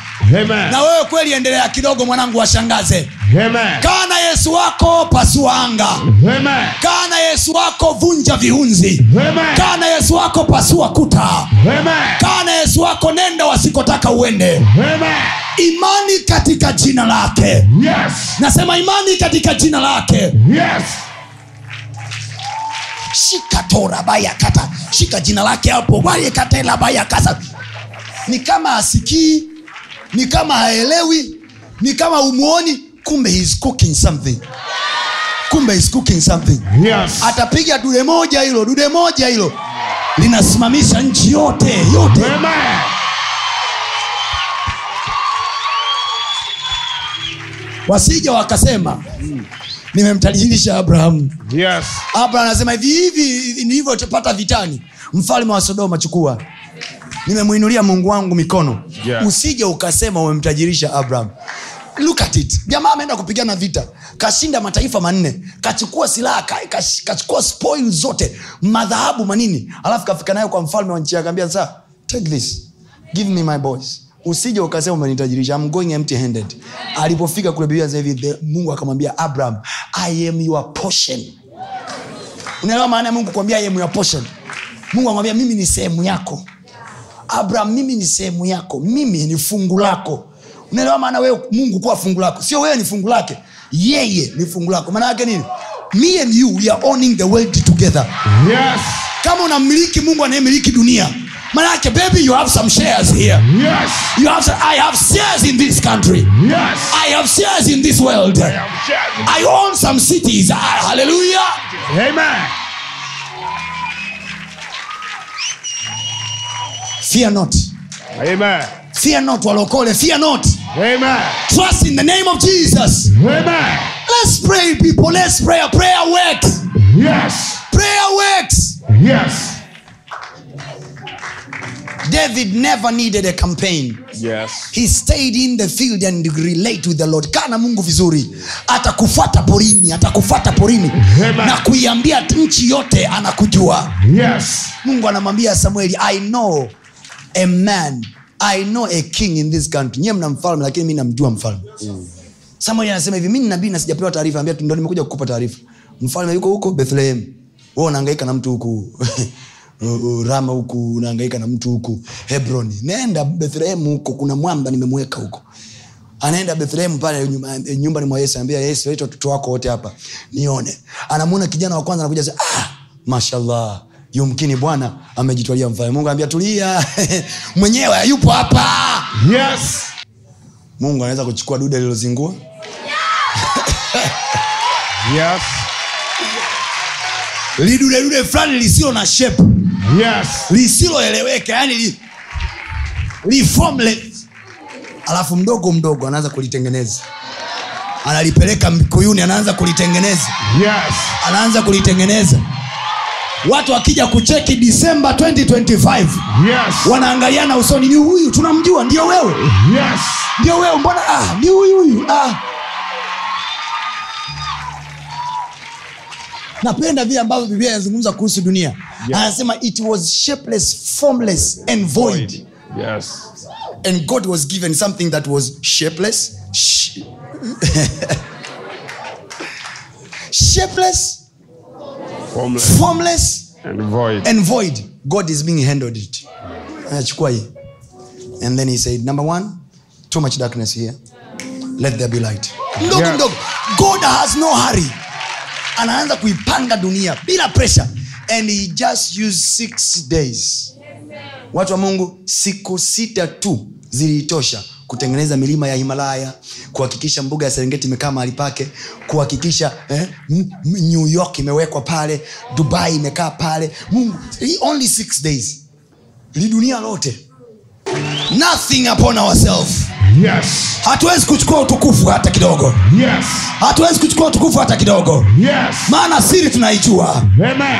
na wewe kweli endelea kidogo mwanangu washangaze kaa na yesu wako pasua anga kaa na yesu wako vunja viunzi kaa na yesu wako pasua kuta kaa na yesu wako nenda wasikotaka uende imani katika jina lake yes. nasema imani katika jina lake yes shika torabaya kata shika jina lake hapo walekatelabayakasa ni kama asikii ni kama haelewi ni kama umwoni kumbe he's cooking something kumbe he's cooking something yes. atapiga dude moja hilo dude moja hilo linasimamisha nchi yote yote Amen. wasija wakasema mm nimemtajirisha abrahamu yes. abraham anasema hivi hivi nilivyotopata vitani mfalme wa sodoma chukua nimemwinulia mungu wangu mikono yeah. usije ukasema umemtajirisha abraham look at it jamaa ameenda kupigana vita kashinda mataifa manne kachukua silaha ka, kachukua spoil zote madhahabu manini alafu kafika nayo kwa mfalme wa nchi akaambia sa take this give me my boys usije ukasema umenitajirisha I'm going empty handed alipofika kule bibia zahivi mungu akamwambia abraham i am your portion unaelewa maana ya mungu kuambia i am your portion mungu amwambia mimi ni sehemu yako abraham mimi ni sehemu yako mimi ni fungu lako unaelewa maana wewe mungu kuwa fungu lako sio wewe ni fungu lake yeye ni fungu lako maana yake nini me and you we are owning the world together yes. kama unamiliki mungu anayemiliki dunia manake baby you have some shares here yes. you have some, i have shares in this country yes. i have shares in this world i, I own some cities hallelujah amen fear not Amen. fear not walokole fear not Amen. trust in the name of jesus Amen. let's pray people let's pray prayer works yes prayer works yes david never needed a campaign yes. he stayed in the field and relate with the lord kaa mungu vizuri atakufuata porini atakufuata porini Amen. na kuiambia nchi yote anakujua yes. mungu anamwambia samueli i know a man i know a king in this country nyiwe mna mfalme lakini mi namjua mfalme mm. samuel anasema hivi mi ni nabii nasijapewa taarifa ambia ndo nimekuja kukupa taarifa mfalme yuko huko bethlehem we unaangaika na mtu huku rama huku unaangaika na mtu huku hebroni naenda bethlehem huko kuna mwamba nimemweka huko anaenda bethlehem pale nyumbani mwa yesu ambia yesu waita watoto wako wote hapa nione anamwona kijana wa kwanza anakuja ah mashallah yumkini bwana amejitwalia mfalme mungu anaambia tulia mwenyewe yupo hapa yes mungu anaweza kuchukua dude lilozingua yes. lidudedude fulani lisilo na shep yes. lisiloeleweka yani li, li alafu mdogo mdogo anaanza kulitengeneza analipeleka mkuyuni anaanza kulitengeneza yes. anaanza kulitengeneza watu wakija kucheki disemba 2025 yes. wanaangaliana usoni ni huyu tunamjua ndio wewe yes. ndio wewe mbona ah, ni huyu huyu ah. napenda vile ambavyo bibia inazungumza kuhusu dunia yeah. anasema it was shapeless formless and void. Yes. and god was given something that was shapeless sh- shapeless formless, formless and, void. and void god is being handled it anachukua hii and then he said number one too much darkness here let there be light mdogo yeah. mdogo god has no hurry anaanza kuipanga dunia bila pressure and he just used six days watu wa mungu siku sita tu ziliitosha kutengeneza milima ya himalaya kuhakikisha mbuga ya serengeti imekaa mahali pake kuhakikisha eh, new york imewekwa pale dubai imekaa pale mungu only six days li dunia lote nothing upon ourselves yes. hatuwezi kuchukua utukufu hata kidogo yes. hatuwezi kuchukua utukufu hata kidogo yes. maana siri tunaijua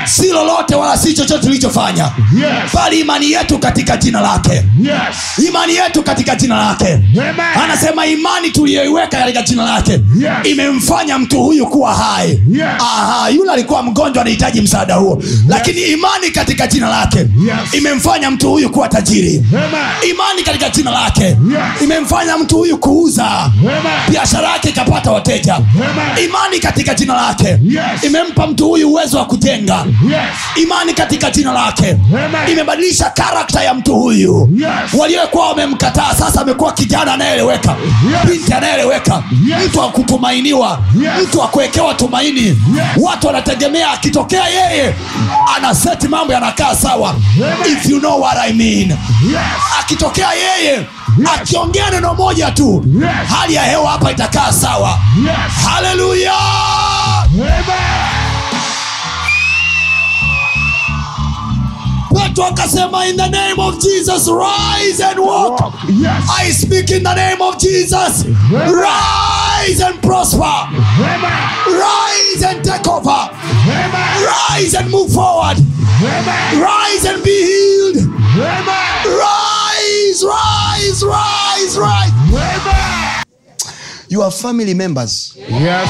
si lolote wala si chochote tulichofanya yes. bali imani yetu katika jina lake yes. imani yetu katika jina lake Amen. anasema imani tuliyoiweka katika jina lake yes. imemfanya mtu huyu kuwa hai yes. yule alikuwa mgonjwa anahitaji msaada huo yes. lakini imani katika jina lake yes. imemfanya mtu huyu kuwa tajiri Amen. imani katika jina lake yes ikamfanya mtu huyu kuuza biashara yake ikapata wateja imani katika jina lake yes. imempa mtu huyu uwezo wa kujenga yes. imani katika jina lake imebadilisha karakta ya mtu huyu yes. waliokuwa wamemkataa sasa amekuwa kijana anayeeleweka yes. binti anayeeleweka yes. mtu wa kutumainiwa yes. mtu wa kuwekewa tumaini yes. watu wanategemea akitokea yeye seti mambo yanakaa sawa if you know what I mean. yes. akitokea yeye yes. akiongea neno moja tu yes. hali ya hewa hapa itakaa sawa yes. haleluya petro akasema in the name of jesus rise and walk, walk. Yes. i speak in the name of jesus Amen. rise and prosper Amen. rise and take over Amen. rise and move forward Amen. rise and be healed Amen. rise rise, rise, rise, rise. Wema. You are family members. Yes.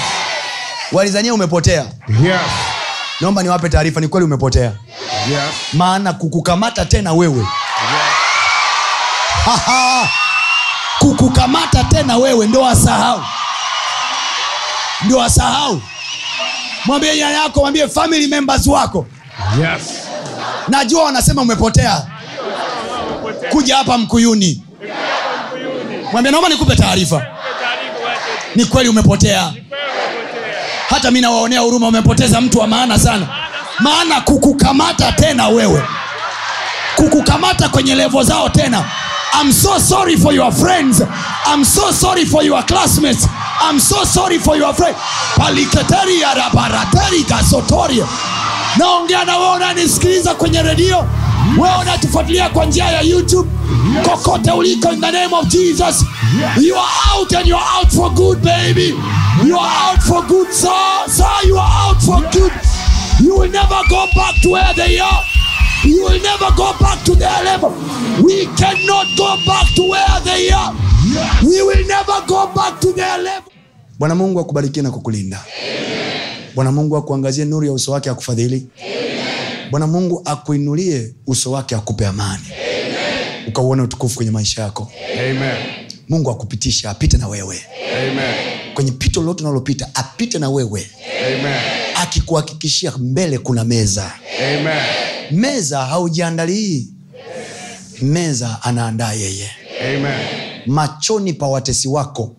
Walizania umepotea. Yes. Naomba niwape taarifa, ni kweli umepotea. Yes. Maana kukukamata tena wewe. Yes. kukukamata tena wewe ndio wasahau. Ndio wasahau. Mwambie nyanya yako, mwambie family members wako. Yes. Najua wanasema umepotea kuja hapa mkuyuni mwambia naomba nikupe taarifa ni kweli umepotea hata mi nawaonea huruma umepoteza mtu wa maana sana maana kukukamata tena wewe kukukamata kwenye levo zao tena I'm so sorry for your friends I'm so sorry for your classmates I'm so sorry for your friend ya rabarateri gasotori naongea na wewe unanisikiliza kwenye redio wewe unatufuatilia kwa njia ya youtube kokote uliko in the name of jesus you are out and you are out for good baby you are out for good sir, sir you are out for good you will never go back to where they are you will never go back to their level we cannot go back to where they are we will never go back to their level bwana mungu akubarikie na kukulinda bwana mungu akuangazie nuru ya uso wake akufadhili Amen bwana mungu akuinulie uso wake akupe amani ukauona utukufu kwenye maisha yako Amen. mungu akupitisha apite na wewe Amen. kwenye pito lolote unalopita apite na wewe akikuhakikishia mbele kuna meza Amen. meza haujiandalii meza anaandaa yeye Amen. machoni pa watesi wako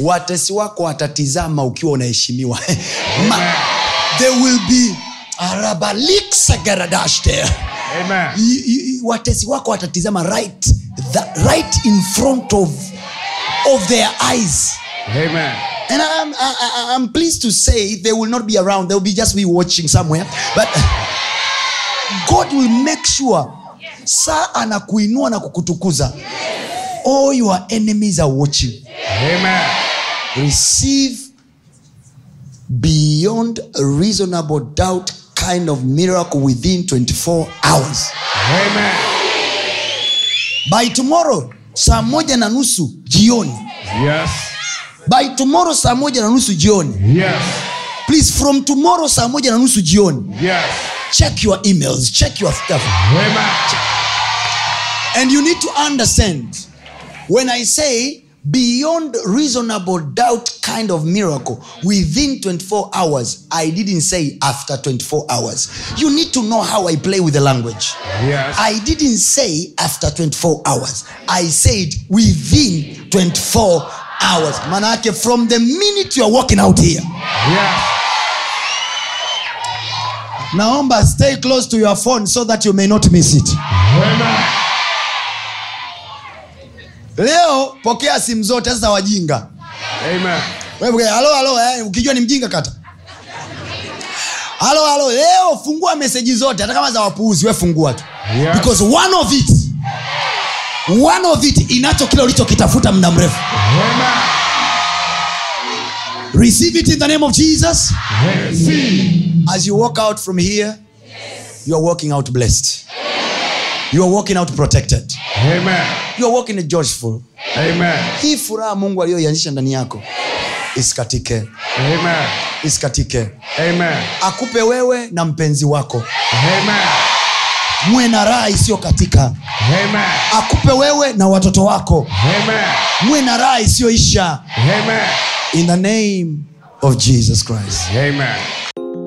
watesi wako watatizama ukiwa unaheshimiwa arabaliksagaradashte watesi wako watatizama right, the, right in front of, of their eyes Amen. And I'm, I, I'm pleased to say they will not be around. They will be just be watching somewhere. But God will make sure sa anakuinua na kukutukuza. All your enemies are watching. Amen. Receive beyond reasonable doubt kind of miracle within 24 hours Amen. by tomorrow saa moja na nusu jioni yes. by tomorrow saa moja na nusu jioni yes. please from tomorrow saa moja na nusu jioni yes. check your emails check your stuff Amen. and you need to understand when i say beyond reasonable doubt kind of miracle within 24 hours. I didn't say after 24 hours. You need to know how I play with the language. Yes. I didn't say after 24 hours. I said within 24 hours. Manake, from the minute you're walking out here. Yeah. Naomba, stay close to your phone so that you may not miss it. Amen. leo pokea simu zote sasa wajinga halo eh, ukijua ni mjinga kata halo halo leo fungua meseji zote hata kama za wapuuzi we fungua tu yes. one of it one of it inacho kile ulichokitafuta muda mrefu receive it in the name of jesus as you walk out from here yes. you are walking out blessed hii furaha mungu aliyoianzisha ndani yako isikatike isikatike akupe wewe na mpenzi wako mwe na raha isiyokatika akupe wewe na watoto wako mwe na raha isiyoisha in the name of jesus christ Amen.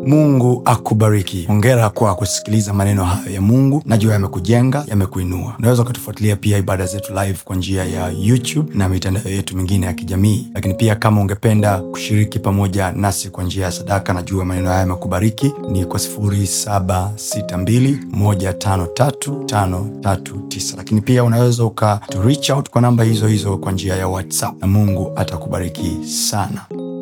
Mungu akubariki. Hongera kwa kusikiliza maneno hayo ya Mungu, najua yamekujenga, yamekuinua. Unaweza ukatufuatilia pia ibada zetu live kwa njia ya YouTube na mitandao yetu mingine ya kijamii, lakini pia kama ungependa kushiriki pamoja nasi kwa njia ya sadaka, najua maneno hayo yamekubariki, ni kwa 0762153539 lakini pia unaweza ukatu reach out kwa namba hizo hizo kwa njia ya WhatsApp na Mungu atakubariki sana.